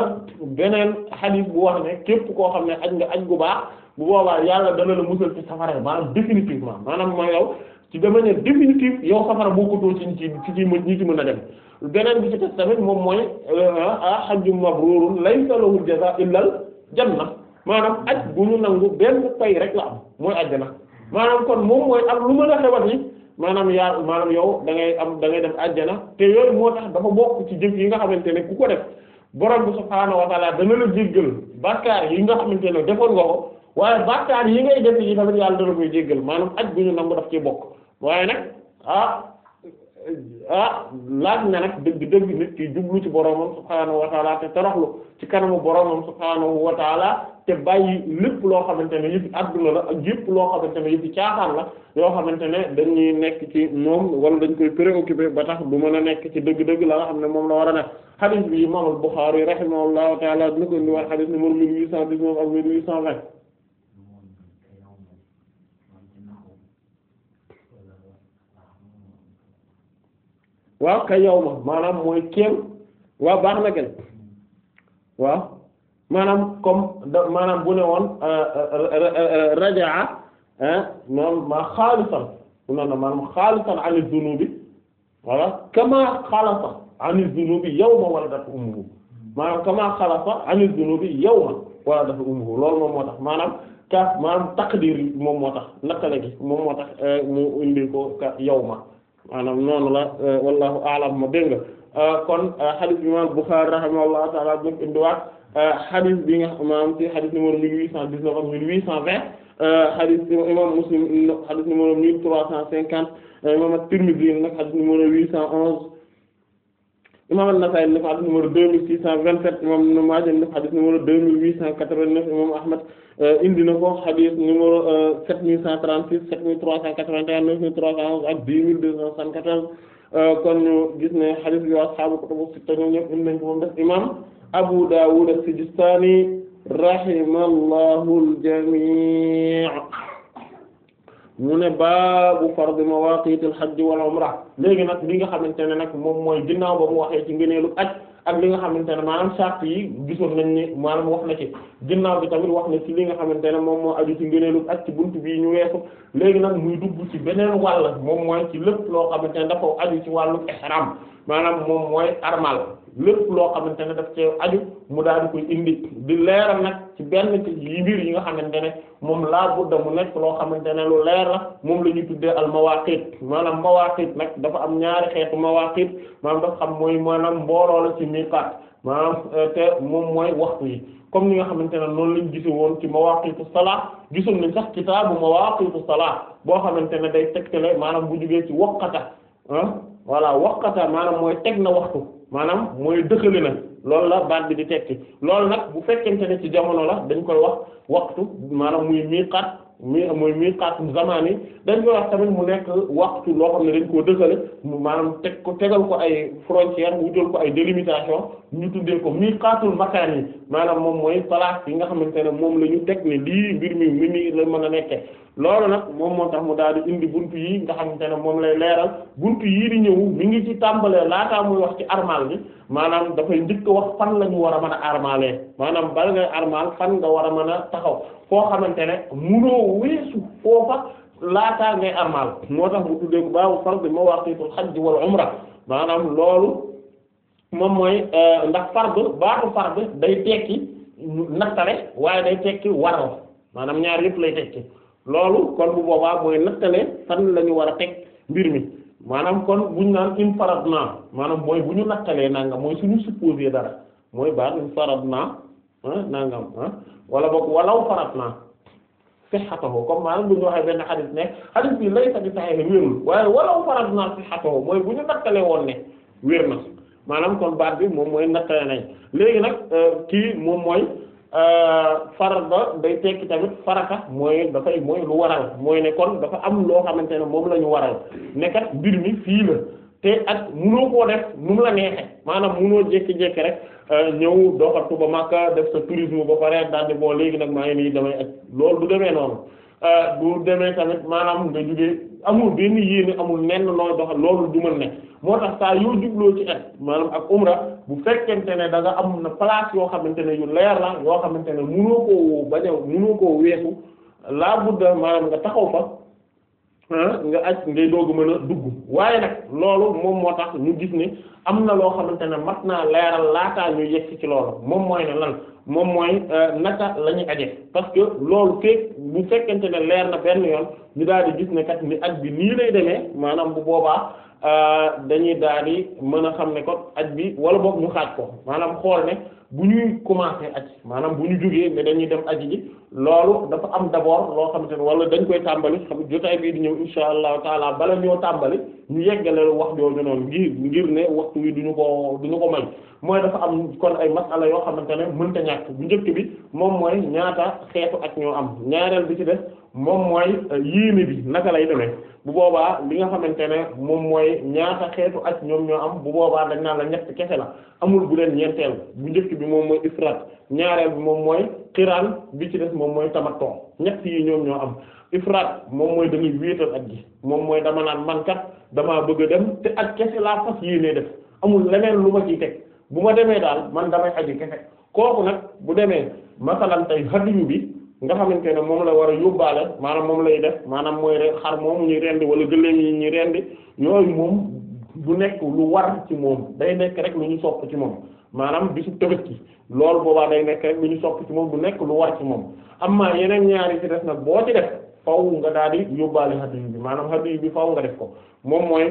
beneen xadiis bu wax ne képp koo xam ne aj nga aj gu baax bu boobaa yàlla dana la musal ci safara maanaam définitivement maanaam mooy yow ci de manière définitive yow safara boo ko doo ci ci ci ci ñi mën a dem beneen bi ci tamit moom mooy bu euh, hajjun ah, mabrurun laysa lahu jazaa illal janna maanaam aj bu ñu nangu benn pay rek la am mooy ajjana maanaam kon moom mooy am lu mën a xewat yi maanaam yaa maanaam yow da ngay am da ngay dem ajjana te yooyu moo tax dafa bokk ci jëf yi nga xamante ne ku ko def borom bi subhaanahu wa taala dana la jéggal bàkkaar yi nga xamante ne defoon nga ko waaye bàkkaar yi ngay def yi tamit yàlla dana koy jéggal maanaam aj bu ñu ci bokk waaye nag ah ah laaj na nag dëgg dëgg nit ki jublu ci boroomam subhaanahu wa taala te toroxlu ci kanamu boroomam subhaanahu wa taala te bàyyi lépp loo xamante ne yëfi àdduna la ak yëpp loo xamante ne yëfi caaxaan la yoo xamante ne dañuy nekk ci moom wala dañ koy préoccupé ba tax du mën a nekk ci dëgg-dëgg la xam ne moom la war a nekk hadith bi imam al-Bukhari rahimahullahu taala dina huit cent dix-neuf ak mille huit cent vingt waaw kay yow ma maanaam mooy keew waaw baax na gën waaw maanaam comme da maanaam bu ne woon euh, euh, euh, rajaa maanaam maa xaalisan noonu maanaam xaalisan ani dunubi voilà kama xalasa ani dunubi yawma waladat ummuhu maanaam kama xalasa ani dunubi yawma waladat ummuhu loolu moom moo tax maanaam ka maanaam taqdir moom moo tax naqale gi moom moo tax mu indi ko ka yawma maanaam noonu la euh, wallahu a'lam ma dégg nga euh, kon hadith euh, bi imam Bukhari rahimahullahu ta'ala bu indiwaat hadith bi nga maanaam ci hadith numéro mille huit cent dix-neuf ak mille huit cent vingt hadith imam Muslim hadith numéro mille trois cent cinquante imam At-Tirmidhi nag hadith numéro huit cent onze imam An-Nasa'i nag deux mille six cent vingt-sept imam Ibn Majah Euh, indi na ko xadis numéro 7136 7381 9311 ak 10274 euh, kon ñu gis ne xadis bi ashaabu kutubu sitta ñoom ñëpp indi nañ ko moom def imam Abu Dawud as-Sijistani rahimallahu al-jami' mu ne baabu fard mawaaqiit al-hajj wal umra léegi nag li nga xamante ne nag moom mooy ginnaaw ba mu waxee ci ngëneelu aj ak li nga xamante ne maanaam sart yi gisoon nañ ni maanaam wax na ci ginnaaw bi tamit wax na ci li nga xamante ne moom moo aju ci ngëneelu ak ci bunt bii ñu weesu léegi nag muy dugg ci beneen wàll moom mooy ci lépp loo xamante ne dafa aju ci wàllu ihram maanaam moom mooy armal lépp loo xamante ne daf cee aju mu daal di koy indi di leeral nag ci benn yi mbir yi nga xamante ne moom laa budda mu nekk loo xamante ne lu leer la moom la ñuy tuddee al mawaqit maanaam mawaqit nag dafa am ñaari xeetu mawaqit maanaam dafa xam mooy maanaam mbooloo la ci miqaat maanaam euh, te moom mooy waxtu yi comme ni nga xamante ne noonu lañ gise woon ci mawaqitu salaa gisoon nañ sax kitaabu mawaqitu salaa boo xamante ne day tegtale maanaam bu jógee ci waqata ah voilà waqata maanaam mooy teg na waxtu maanaam mooy dëkkale na loolu la baat bi di tekki loolu nag bu fekkente ne ci jamono la dañ koy wax waxtu maanaam muy miiqaat mi muy miiqaat zamani dañ koy wax tamit mu nekk waxtu loo xam ne dañ koo dëxale maanaam teg ko tegal ko ay mu wutal ko ay délimitation ñu tuddee ko miqaatul makaan yi maanaam moom mooy place yi nga xamante ne moom la ñu teg ne lii mbir mi mi nii la mën a nekke loolu nag moom moo tax mu daal di indi bunt yi nga xamante ne moom lay leeral buntu yii di ñëw mi ngi ci tàmbalee laataa muy wax ci armal bi maanaam dafay njëkk wax fan la ñu war a mën a armalee maanaam bala ngay armal fan nga war a mën a taxaw foo xamante ne munoo weesu foofa laataa ngay armal moo tax mu tuddee ko baabu fardu mawaqitul hajj wal maanaam loolu moom mooy euh, ndax fard baatu fard day tekki nattale waaye day tekki waral maanaam ñaar yëpp lay tekki loolu kon bu boobaa mooy nattale fan la war a teg mbir mi maanaam kon buñ naan in farad naa maanaam mooy bu ñu nattalee nangam mooy suñu supposé dara mooy baat in farad naa ah, nangam ah. wala boog walaw farad naa sihhatahu comme maanaam bu ñu waxee benn xadis ne xadis bi laysa bi sahih wérul waaye walaw farad naa sihhatahu mooy bu ñu nattalee woon ne na maanaam kon baat bi moom mooy nattale nañ léegi nag euh, kii moom mooy euh, farda day tekki tamit farata mooy dafay mooy lu waral mooy ne kon dafa am loo xamante ne moom lañu ñu waral nekkat mbir mi fii la te ak munoo koo def nu mu la neexe maanaam munoo jékki-jékki rek euh, ñëw doxatu ba Makka def sa tourisme ba pare daal boo léegi nag maa ngi nii damay ak loolu du demee noonu du demee tamit maanaam nga jógee amul benn yéene amul nenn nooy doxal loolu du mën ne moo tax saa yoo jubloo ci at maanaam ak umra bu fekkente ne danga nga am na place yoo xamante ne yu leer la yoo xamante ne mënoo koo bañ a mënoo koo weesu laa budda maanaam nga taxaw fa ah, nga aj ngay doog mën a dugg waaye nag loolu moom moo tax ñu gis ne am na loo xamante ne mat naa leeral laataa ñu yegg ci loolu moom mooy ne lan moom mooy eh, naka la ñuy aje parce que loolu feeg bu fekkente ne leer na benn yoon ñu daal di gis ne kat ni aj bi nii lay demee maanaam bu boobaa. Euh, dañuy daal di mën a xam ne ko aj bi wala boog ñu xaaj ko maanaam xool ne bu ñuy commencé aj maanaam bu ñu jógee mais dañuy dem aji ji loolu dafa am d'abord loo xamante ne wala dañ koy tàmbali xam jotaay bii di ñëw insha allahu taala bala ñoo tàmbali ñu yeggaleel wax jooju noonu ngir ngir ne waxtu wi duñu ko duñu ko may mooy dafa am kon ay masala yoo xamante ne mënta ñàkk bu njëkk bi moom mooy ñaata xeetu ak ñoo am ñaareel bi ci def moom mooy euh, yéene bi naka lay demee bu boobaa li nga xamante ne moom mooy ñaata xeetu ak ñoom ñoo am bu boobaa dañ naan la ñett kese la amul bu leen ñeenteel bu njëkk bi moom mooy ifraat ñaareel bi moom mooy xiraan bi ci des moom mooy tamattu ñett yi ñoom ñoo am ifraat moom mooy dañuy wéetal ak gi moom mooy dama naan man kat damaa bëgg a dem te ak kese laa fas yéenee def amul leneen lu ma ciy teg bu ma demee daal man damay aji kese kooku nag bu demee masalan tey hadiyu bi nga xamante ne moom la war a yóbbaale maanaam moom lay def maanaam mooy re moom moomu ñuy rendi wala gëléem yi ñuy rendi yooyu moom du nekk lu war ci moom day nekk rek lu ñu sopp ci moom maanaam bisu Tabaski loolu boobaa day nekk rek lu ñu sopp ci moom du nekk lu war ci moom maa yeneen ñaari ci def nag boo ci def faw nga daal di yóbbaale hadith bi maanaam hadith bi faw nga def ko moom mooy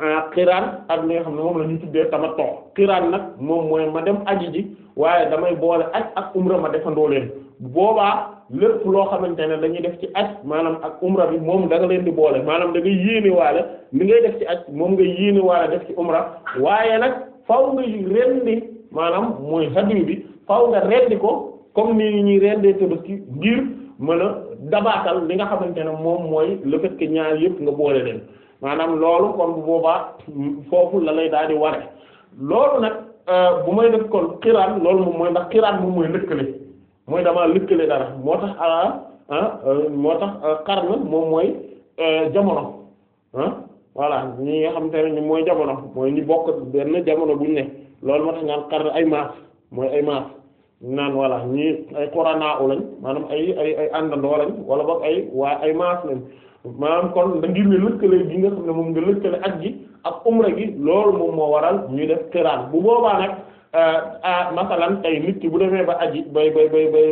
ah, xiraan ak li nga xam ne moom la ñu tuddee tamattu xiraan nag moom mooy ma dem aji ji waaye damay boole aj ak umra ma defandoo leen boobaa lépp loo xamante ne dañuy def ci aj maanaam ak umra bi moom da nga leen di boole maanaam da ngay yéene li ngay def ci aj moom nga yéene waale def ci umra waaye nag faw nga rendi maanaam mooy hadiyu bi faw nga rendi ko comme ni mën a dabaatal li nga xamante ne moom mooy le fait ñaar yëpp nga boole leen maanaam loolu kon bu boobaa foofu la lay daal di ware loolu nag euh, bu may def kon xiraan loolu moom mooy ndax xiraan moom mooy lëkkale mooy damaa lëkkale dara moo tax ah, ah euh, moo tax euh, xarna moom mooy jamono ah ñu ñi nga xamante ne ni mooy jamono mooy ni bokk benn jamono buñ ne loolu moo tax naan xarna ay maas mooy ay maas naan voilà ñii ay corona u lañ maanaam ay ay ay àndandoo lañ wala boog ay waa ay maas lañ maanaam kon da ngir ne lëkkale gi nga xam ne moom nga lëkkale ak gi ak umra gi loolu moom moo waral ñu def xiraan bu boobaa nag euh, a ah, masalan tey nit ki bu demee ba aji bay bay bay bay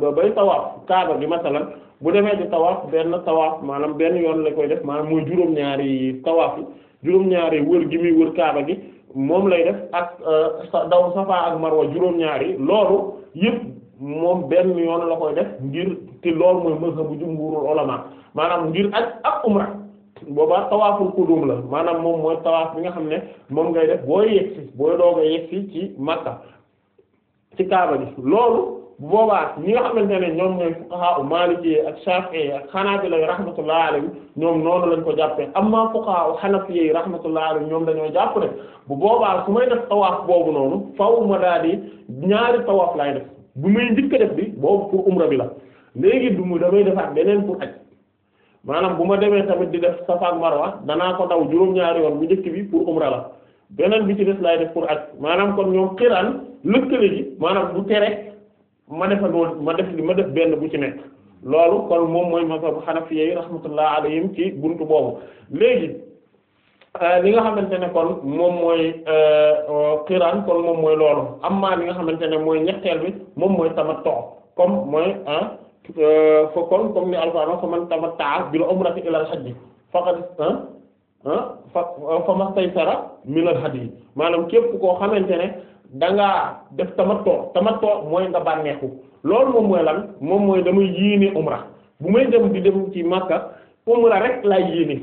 ba bay tawaaf kaaba bi masalan bu demee di tawaaf benn tawaaf maanaam benn yoon la koy def maanaam mooy juróom-ñaari tawaaf yi juróom-ñaari wër gi muy wër kaaba gi moom lay def ak euh, daw safa ak marwa juróom ñaari loolu yëpp moom benn yoon la koy def ngir te lool mooy mazhabu jumhurul ulama maanaam ngir aj ak umra boobaa tawaaful qudum la maanaam moom mooy tawaaf bi nga xam ne moom ngay def booy yegsi booy doog yegsi ci Makka ci Kaaba gi loolu bu boobaa ñi nga xamante ne ñoom ñooy fuqaha u maliki ak shafi'i ak xanaabila yi rahmatullahi alayhi ñoom noonu lañ ko jàppee amma fuqaha u xanafi yi rahmatullahi alayhi ñoom dañoo jàpp ne bu boobaa su may def tawaaf boobu noonu faaw ma daal di ñaari tawaaf lay def bu may njëkk def bi boobu pour umra bi la léegi du mu damay defaat beneen pour aj maanaam bu ma demee tamit di def safa ak marwa danaa ko daw juróom-ñaari yoon bu njëkk bi pour umra la beneen bi ci des lay def pour aj maanaam kon ñoom xiraan lëkkale gi maanaam du tere ma defandoo ma def ma def benn bu ci nekk loolu kon moom mooy mazhabu hanafiyyi rahmatullah alayhim ci buntu boobu léegi euh, li nga xamante ne kon moom mooy xiraan euh, kon moom mooy loolu amma li nga xamante ne mooy ñetteel bi moom mooy tamattu comme mooy ah euh, fa kon comme ni alquran fa man tamatta'a bil umrati ila al hajj faqad fa fa mastaysara min al hadi maanaam képp koo xamante ne da ngaa def tamatto tamatoo mooy nga bànneexu loolu moom mooy lan moom mooy damay yéene umra bu may dem di dem ci Makka umra rek laay yéene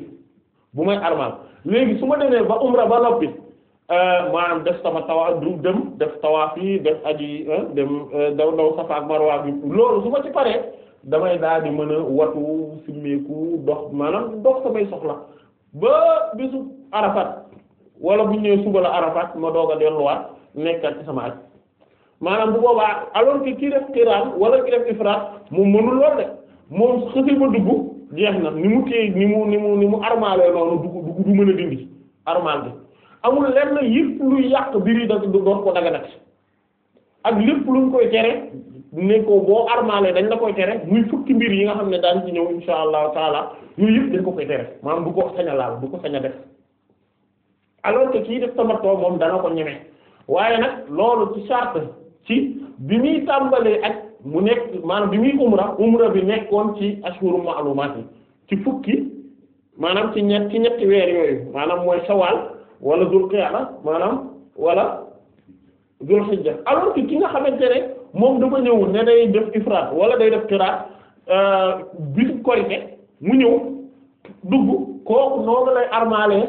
bu may armal léegi su ma demee ba umra ba noppi euh, maanaam def sama tawaa du dem def tawaaf yi def aji dem euh, daw daw Safa ak Marwa bi loolu su ma ci paree damay daal di mën a watu simmeeku dox maanaam dox samay soxla ba bisu Arafat wala bu ñëwee suba la Arafat ma doog a delluwaat nekkaat ci sama aj maanaam bu boobaa alors que kii def xiraan wala ki def ifraat moom mënul de moom xësee ba dugg jeex na ni mu téye ni mu ni mu ni mu armaalee noonu du du mën a dindi armaal bi amul lenn yëpp luy yàq biri da doon ko daga nag ak lépp luñ koy tere ne ko boo armaalee dañ la koy tere muy fukki mbir yi nga xam ne daan ci ñëw insha allahu taala yooyu yëpp dañ ko koy tere maanaam du ko sañ a laal du ko sañ a def alors kii def tamatoo moom dana ko ñeme waaye nag loolu ci charte ci bi muy tàmbalee ak mu nekk maanaam bi muy umra umra bi nekkoon ci ashhuru ma'lumaat yi ci fukki maanaam ci ñett ci ñetti weer yooyu maanaam mooy sawaal wala dul qiyaada maanaam wala dul xijja alors que ki nga xamante ne moom dafa ñëw ne day def ifraat wala day def qiraat euh, bisu korite mu ñëw dugg kooku noonu lay armaale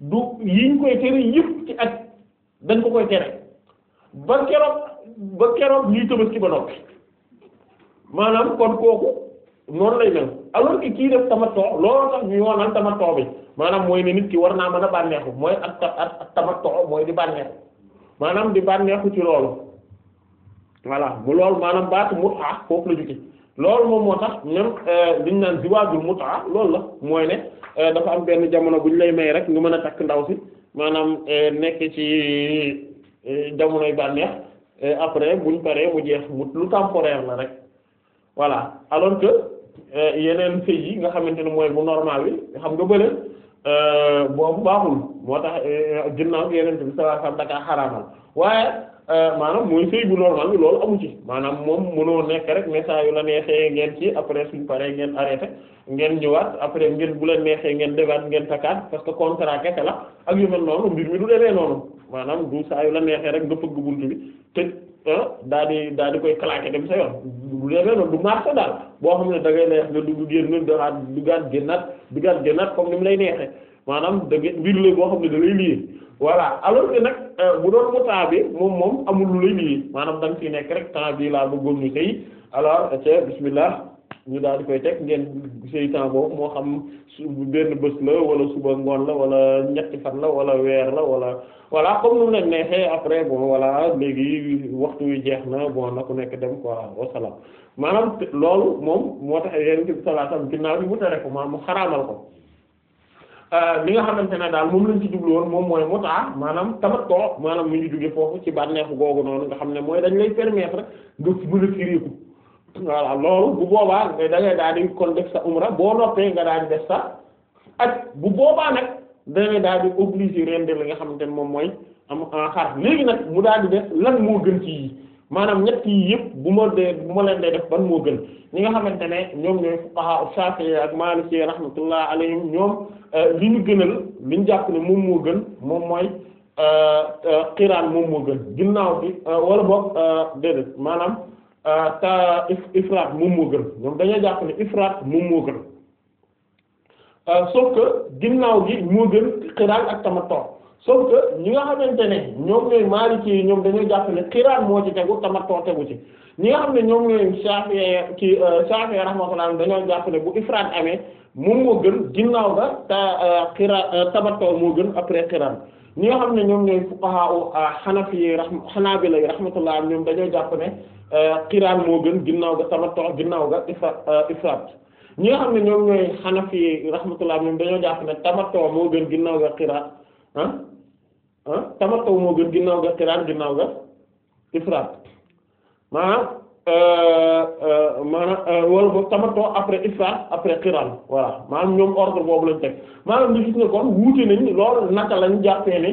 du yiñ koy tere yëpp ci ak dañ ko koy tere ba keroog ba keroog ñuy tabaski ba noppi maanaam kon kooku noonu lay mel alors que kii def tamattu looloo tax ñu yoonal tamattu bi maanaam mooy ne nit ki war naa mën a bànneexu mooy ak ak tamattu mooy di bànneexu maanaam di bànneexu ci loolu voilà bu lool maanaam baatu mut'a foofu la jóge loolu moom moo tax même euh, liñ naan ziwaajul mut'a loolu la mooy ne euh, dafa am benn jamono bu ñu lay may rek nga mën a takk ndaw si. maanaam eh, nekk ci eh, jamonoy bànneex eh, après buñ paree mu jeex mu lu temporaire la rek voilà alors que yeneen sëy yi nga xamante ne mooy bu normal bi xam nga bële boobu baaxul moo tax ginnaaw yeneen bi sallallahu alayhi wasallam dakaa xaraamal waaye Euh, maanaam mooy sëy bu normal bi loolu amu ci maanaam moom mënoo nekk rek mais saa yu la neexee ngeen ci après suñ paree ngeen arrêté ngeen ñëwaat après ngeen bu la neexee ngeen defaat ngeen takkaat parce que contrat kese la ak yu mel noonu mbir demee noonu maanaam du saa yu la neexee rek nga fëgg bunt bi te ah, daa di daa di koy claquer dem sa yoon du demee noonu du marché daal boo xam ne da ngay neex nga dugg génn duggaat duggaat génnaat duggaat génnaat comme ni mu lay neexee. maanaam da nga mbir la boo xam ne da lay lié voilà alors que nag euh, bu doon mu temps bi moom moom amul lu lay lié maanaam da nga ciy nekk rek temps bii laa bëggoon ñu sëy alors ca bismillah ñu daal di koy teg ngeen sëy temps boobu moo xam su benn bés la wala suba ngoon la wala ñetti fan la wala weer la wala voilà comme nu leen neexee après bon voilà léegi waxtu wi jeex na bon na ku nekk dem quoi wasalaam maanaam loolu moom moo tax yéen ci salaatam ginnaaw bi ko maanaam mu xaraamal ko Euh, li nga xamante ne daal moom lañ ci jublu moom mooy muta maanaam tamattu maanaam mu ngi jóge foofu ci bànneexu googu noonu nga xam ne mooy dañ lay permettre nga mën a firéeku voilà loolu bu boobaa da ngay daal di kon def sa umra boo noppee nga daal di def sa ak bu boobaa nag da daal di obligé rendre li nga xamante ne moom mooy am xar léegi nag mu daal di def lan moo gën ci yi maanaam ñett yi yëpp bu ma dee bu ma leen dee def ban moo gën ñi nga xamante ne ñoom ñooy fuqaha Shafi'i ak Maliki rahmatullah alayhim ñoom Euh, li ñu gënal li ñu jàpp ne moom moo gën moom mooy xiraan euh, euh, moom moo gën ginnaaw bi wala boog déedéet maanaam ta ifraat moom moo gën ñoom dañoo jàpp ne ifraat moom moo gën sauf que ginnaaw gi moo gën xiraan ak tamattu sauf que ñi nga xamante ne ñoom ñooy maaliki ci ñoom dañoo jàpp ne xiraan moo ci tegu tamattu tegu ci ñi nga xam ne ñoom ñooy Shaafi'i ci Shaafi'i rahmatullah dañoo jàpp ne bu ifraat amee moom moo gën ginnaaw ga ta euh, xira euh, tamattu moo gën après xiraan ñi nga xam ne ñoom ñooy fuqaha xanafi euh, bi xanaabila yi rahmatullah ñoom dañoo jàpp ne xiraan moo gën ginnaaw ga tamattu ginnaaw ga ifraat ñi nga xam ne ñoom ñooy xanafi yi rahmatullah ñoom dañoo jàpp moo gën ginnaaw ga xiraan ah ah tamattu moo gën ginnaaw ga ifraat Euh, euh, maanaam euh, wala boog tamattu après ifraat après qiraan voilà maanaam ñoom ordre boobu lañ teg maanaam ñu gis ne kon wuute nañ loolu naka lañ jàppee ne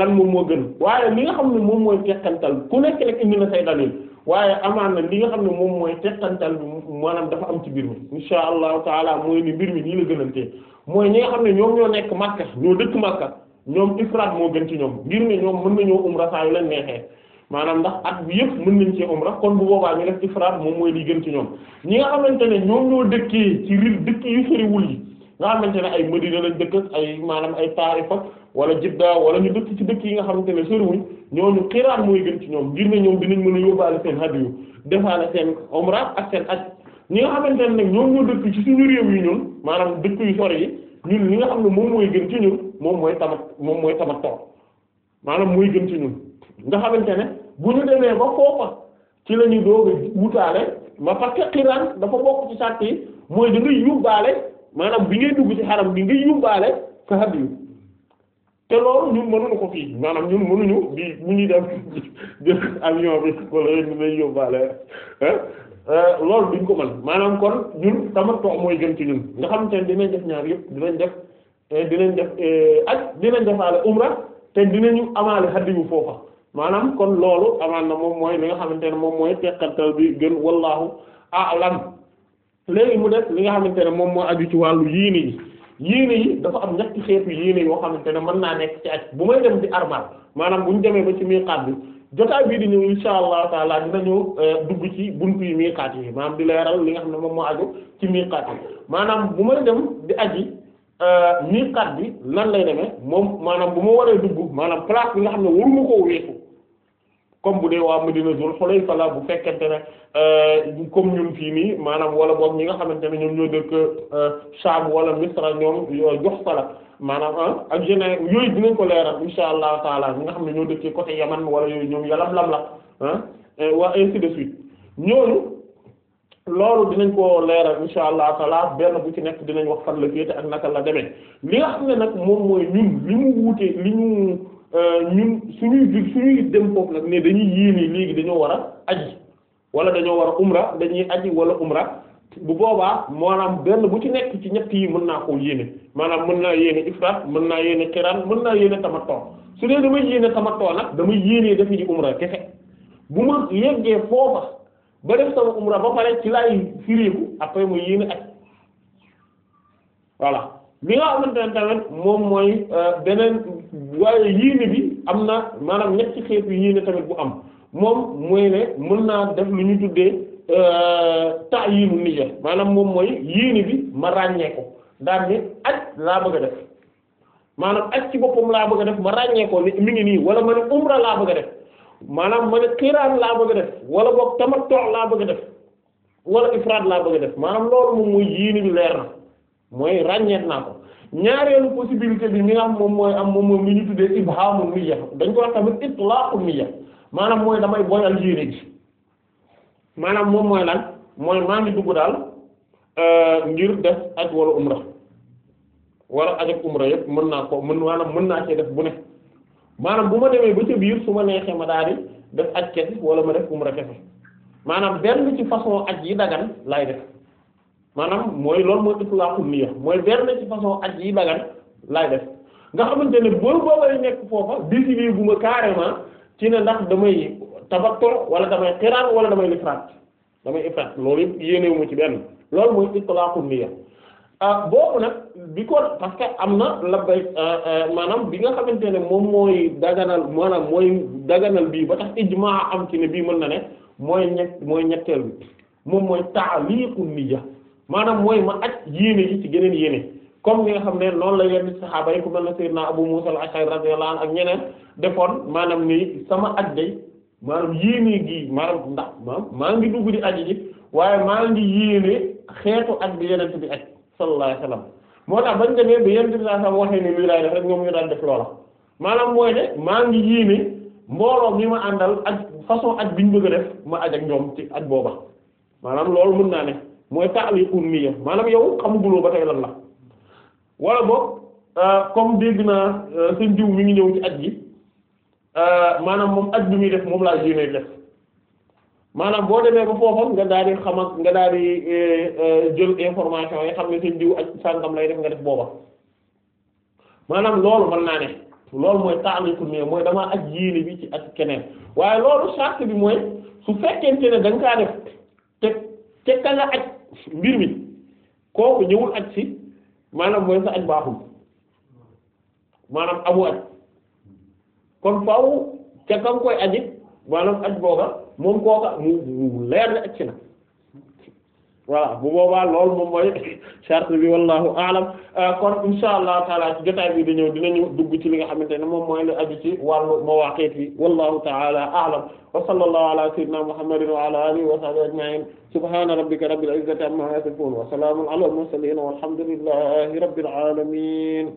lan moom moo gën waaye li nga xam ne moom mooy teqantal ku nekk rek indi na say dalil waaye amaan na li nga xam ne moom mooy teqantal bi maanaam dafa am ci biir mi insha allahu taala mooy ni mbir mi nii la gënantee mooy ñi nga xam ne ñoom ñoo nekk Makka ñoo dëkk Makka ñoom ifraat moo gën ci ñoom ngir ne ñoom mën nañoo umra saa yu leen neexee. maanaam ndax at yëpp mën nañ ci umra kon bu boobaa ñu def ifraat moom mooy li gën ci ñoom ñi nga xamante ne ñoom ñoo dëkkee ci ri dëkk yu soriwul yi nga xamante ne ay Madina lañ dëkk ay maanaam ay Taarifa wala Jidda wala ñu dëkk ci dëkk yi nga xamante ne soriwuñ ñooñu xiraat mooy gën ci ñoom ñoom dinañ mën a yóbbaale seen hadiyu yu defaale seen umra ak seen aj ñi nga xamante ne nag ñoom ñoo dëkk ci suñu réew yi ñun maanaam dëkk yu sori yi ñun li nga xam ne moom mooy gën ci ñun moom mooy tamat moom mooy tamat toor maanaam mooy gën ci ñun nga xamante ne bu ñu demee ba foofa ci la ñu doog a wutaale ma parce que xiraan dafa bokk ci sàtt yi mooy da nga maanaam bi ngay dugg ci xaram bi nga yóbbaale sa hadiyu te loolu ñun mënuñu ko fii maanaam ñun mënuñu di mu ñuy dem jël avion bi wala euh, loolu duñ ko mën maanaam kon ñun toog mooy gën ci ñun nga xamante ne dinañ def ñaar yëpp dinañ def eh, dinañ def eh, ak dinañ defaale umra te dinañu amaale hadiyu foofa maanaam kon loolu amaan na moom mooy li nga xamante ne moom mooy teqantal bi gën wallahu a'lam léegi mu def li nga xamante ne moom moo aju ci wàllu yéene yi yéene dafa am ñetti xeetu yéene yoo xamante ne mën naa nekk ci aj bu may dem di armal maanaam bu ñu demee ba ci miiqaat bi jotaay bii di ñëw insha allahu taala dinañu euh, dugg ci buntu yi miiqaat yi maanaam di leeral li nga xam ne moom moo aju ci miiqaat yi maanaam bu may dem di aji euh, miiqaat bi nan lay demee moom maanaam bu ma waree dugg maanaam place bi nga xam ne waru ma koo weesu comme bu dee waa Madina Zul Xulayfa la bu fekkente ne euh, comme ñun fii nii maanaam wala boog ñi nga xamante ne ñoom ñoo dëkk euh, Sham wala Misra ñoom jox fa maanaam ah, ak yeneen yooyu dinañ ko leeral insha allah taala ñi nga xam ne ñoo dëkkee côté Yaman wala yooyu ñoom yalam lam la ah waa ainsi de suite ñooñu loolu dinañ ko leeral insha allah taala benn bu ci nekk dinañ wax fan la féete ak naka la demee li nga xam ne nag moom mooy ñun li mu wuute li ñu. Euh, ñun suñuy jug suñuy dem foofu nag ne dañuy yéene léegi dañoo war a aji wala dañoo war a umra dañuy aji wala umra bu boobaa maanaam benn bu ci nekk ci ñett yi mën naa koo yéene maanaam mën naa yéene ifraat mën naa yéene xiraan mën naa yéene tamattu su dee damay yéene tamattu nag damay yéene def ji umra kese bu ma yeggee foofa ba def sama umra ba pare ci laay firiiku après mu yéene aj voilà li nga xamante ne moom mooy euh, beneen waaye yéene bi am na maanaam ñetti xeetu yéene tamit bu am moom mooy ne mën naa def lu ñu tuddee euh, ta'yinu niyya maanaam moom mooy yéene bi ma ràññee ko daan ni aj laa bëgg a def maanaam aj ci boppam laa bëgg a def ma ràññee ko ni mi ngi nii wala ma ne umra laa bëgg a def maanaam ma ne xiraan laa bëgg a def wala boog tamattu laa bëgg a def wala ifraad laa bëgg a def maanaam loolu moom mooy yéene bi leer na mooy ràññeet naa ko ñaareelu possibilité bi mi am moom mooy am moom mooy mi ñu tuddee ibhaamu niyya dañ ko wax tamit itlaaqu niyya maanaam mooy damay boyal yéene ji maanaam moom mooy lan mooy daal euh, ngir def aj wala wala aj ak mën naa ko mën maanaam mën naa cee def bu ne maanaam bu ma demee ba ca biir su ma neexee ma daal def aj kese wala ma def umra kese maanaam benn ci façon aj yi dagan laay def maanaam mooy loolu mooy itlaqu niyya mooy benn ci façon aj yi dagan laay def nga xamante ne boo boobay nekk foofa décidé bu ma carrément ci ne ndax damay tabattu wala damay xiraan wala damay ifraat damay ifraat loolu yëpp yéenewu ma ci benn loolu mooy itlaqu niyya ah, boobu nag bi ko parce que am na labbay ah, ah, maanaam bi nga xamante ne moom mooy daganal maanaam mooy daganal bii ba tax ijmaa am ci ne bii mën na ne mooy ñett mooy ñetteel bi moom mooy taaliqu niyya maanaam mooy ma aj yéene yi ci geneen yéene comme ni nga xam ne noonu la yenn saxaaba yi ku mel ne Seydina Abu Musa al-Ash'ari ak ñeneen defoon maanaam ni sama aj day maanaam yéene gi maanaam ndax maa ngi dugg di aji ji waaye maa ngi yéene xeetu aj bi yeneen bi aj sallallahu moo tax ba demee bi yenn saa sax waxee ni lii laay def rek ñoom ñu daal def loola maanaam mooy ne maa ngi yéene mbooloo mi ma àndal ak façon aj bi ñu bëgg a def ma aj ak ñoom ci aj booba maanaam loolu mën naa ne. mooy ta'liqun niyya maanaam yow xamuguloo ba tey lan la wala boog euh, comme dégg naa euh, seen diw mi ngi ñëw ci at gi euh, maanaam moom at bi muy def moom laa jéemee def maanaam boo demee ba foofa nga daal di xam ak nga daal di jël information yi xam ne seen diw ak sàngam lay def nga def booba maanaam loolu man naa ne loolu mooy ta'liqu niyya mooy damaa aj yéene bi ci ak keneen waaye loolu charte bi mooy su fekkente ne da kaa def te te ka aj mbir mi kooku ñëwul aj si maanaam mooy sa aj baaxul maanaam amu aj kon faaw ca kam koy ajit maanaam aj booga moom kooka mu leer na aj na voilà bu boobaa loolu moom mooy charte bi wallahu alam euh, kon insha allah taala ci jotaay bi dañëw dinañu dugg ci li nga xamante ne moom mooy lu aju ci wàllu mawaqit yi wallahu taala alam wa sallallahu ala sayyidina muhammadin wa ala alihi wa sahbihi ajma'in subhana rabbika rabbil izzati amma yasifun wa salamun ala al mursalin walhamdulillahi rabbil alamin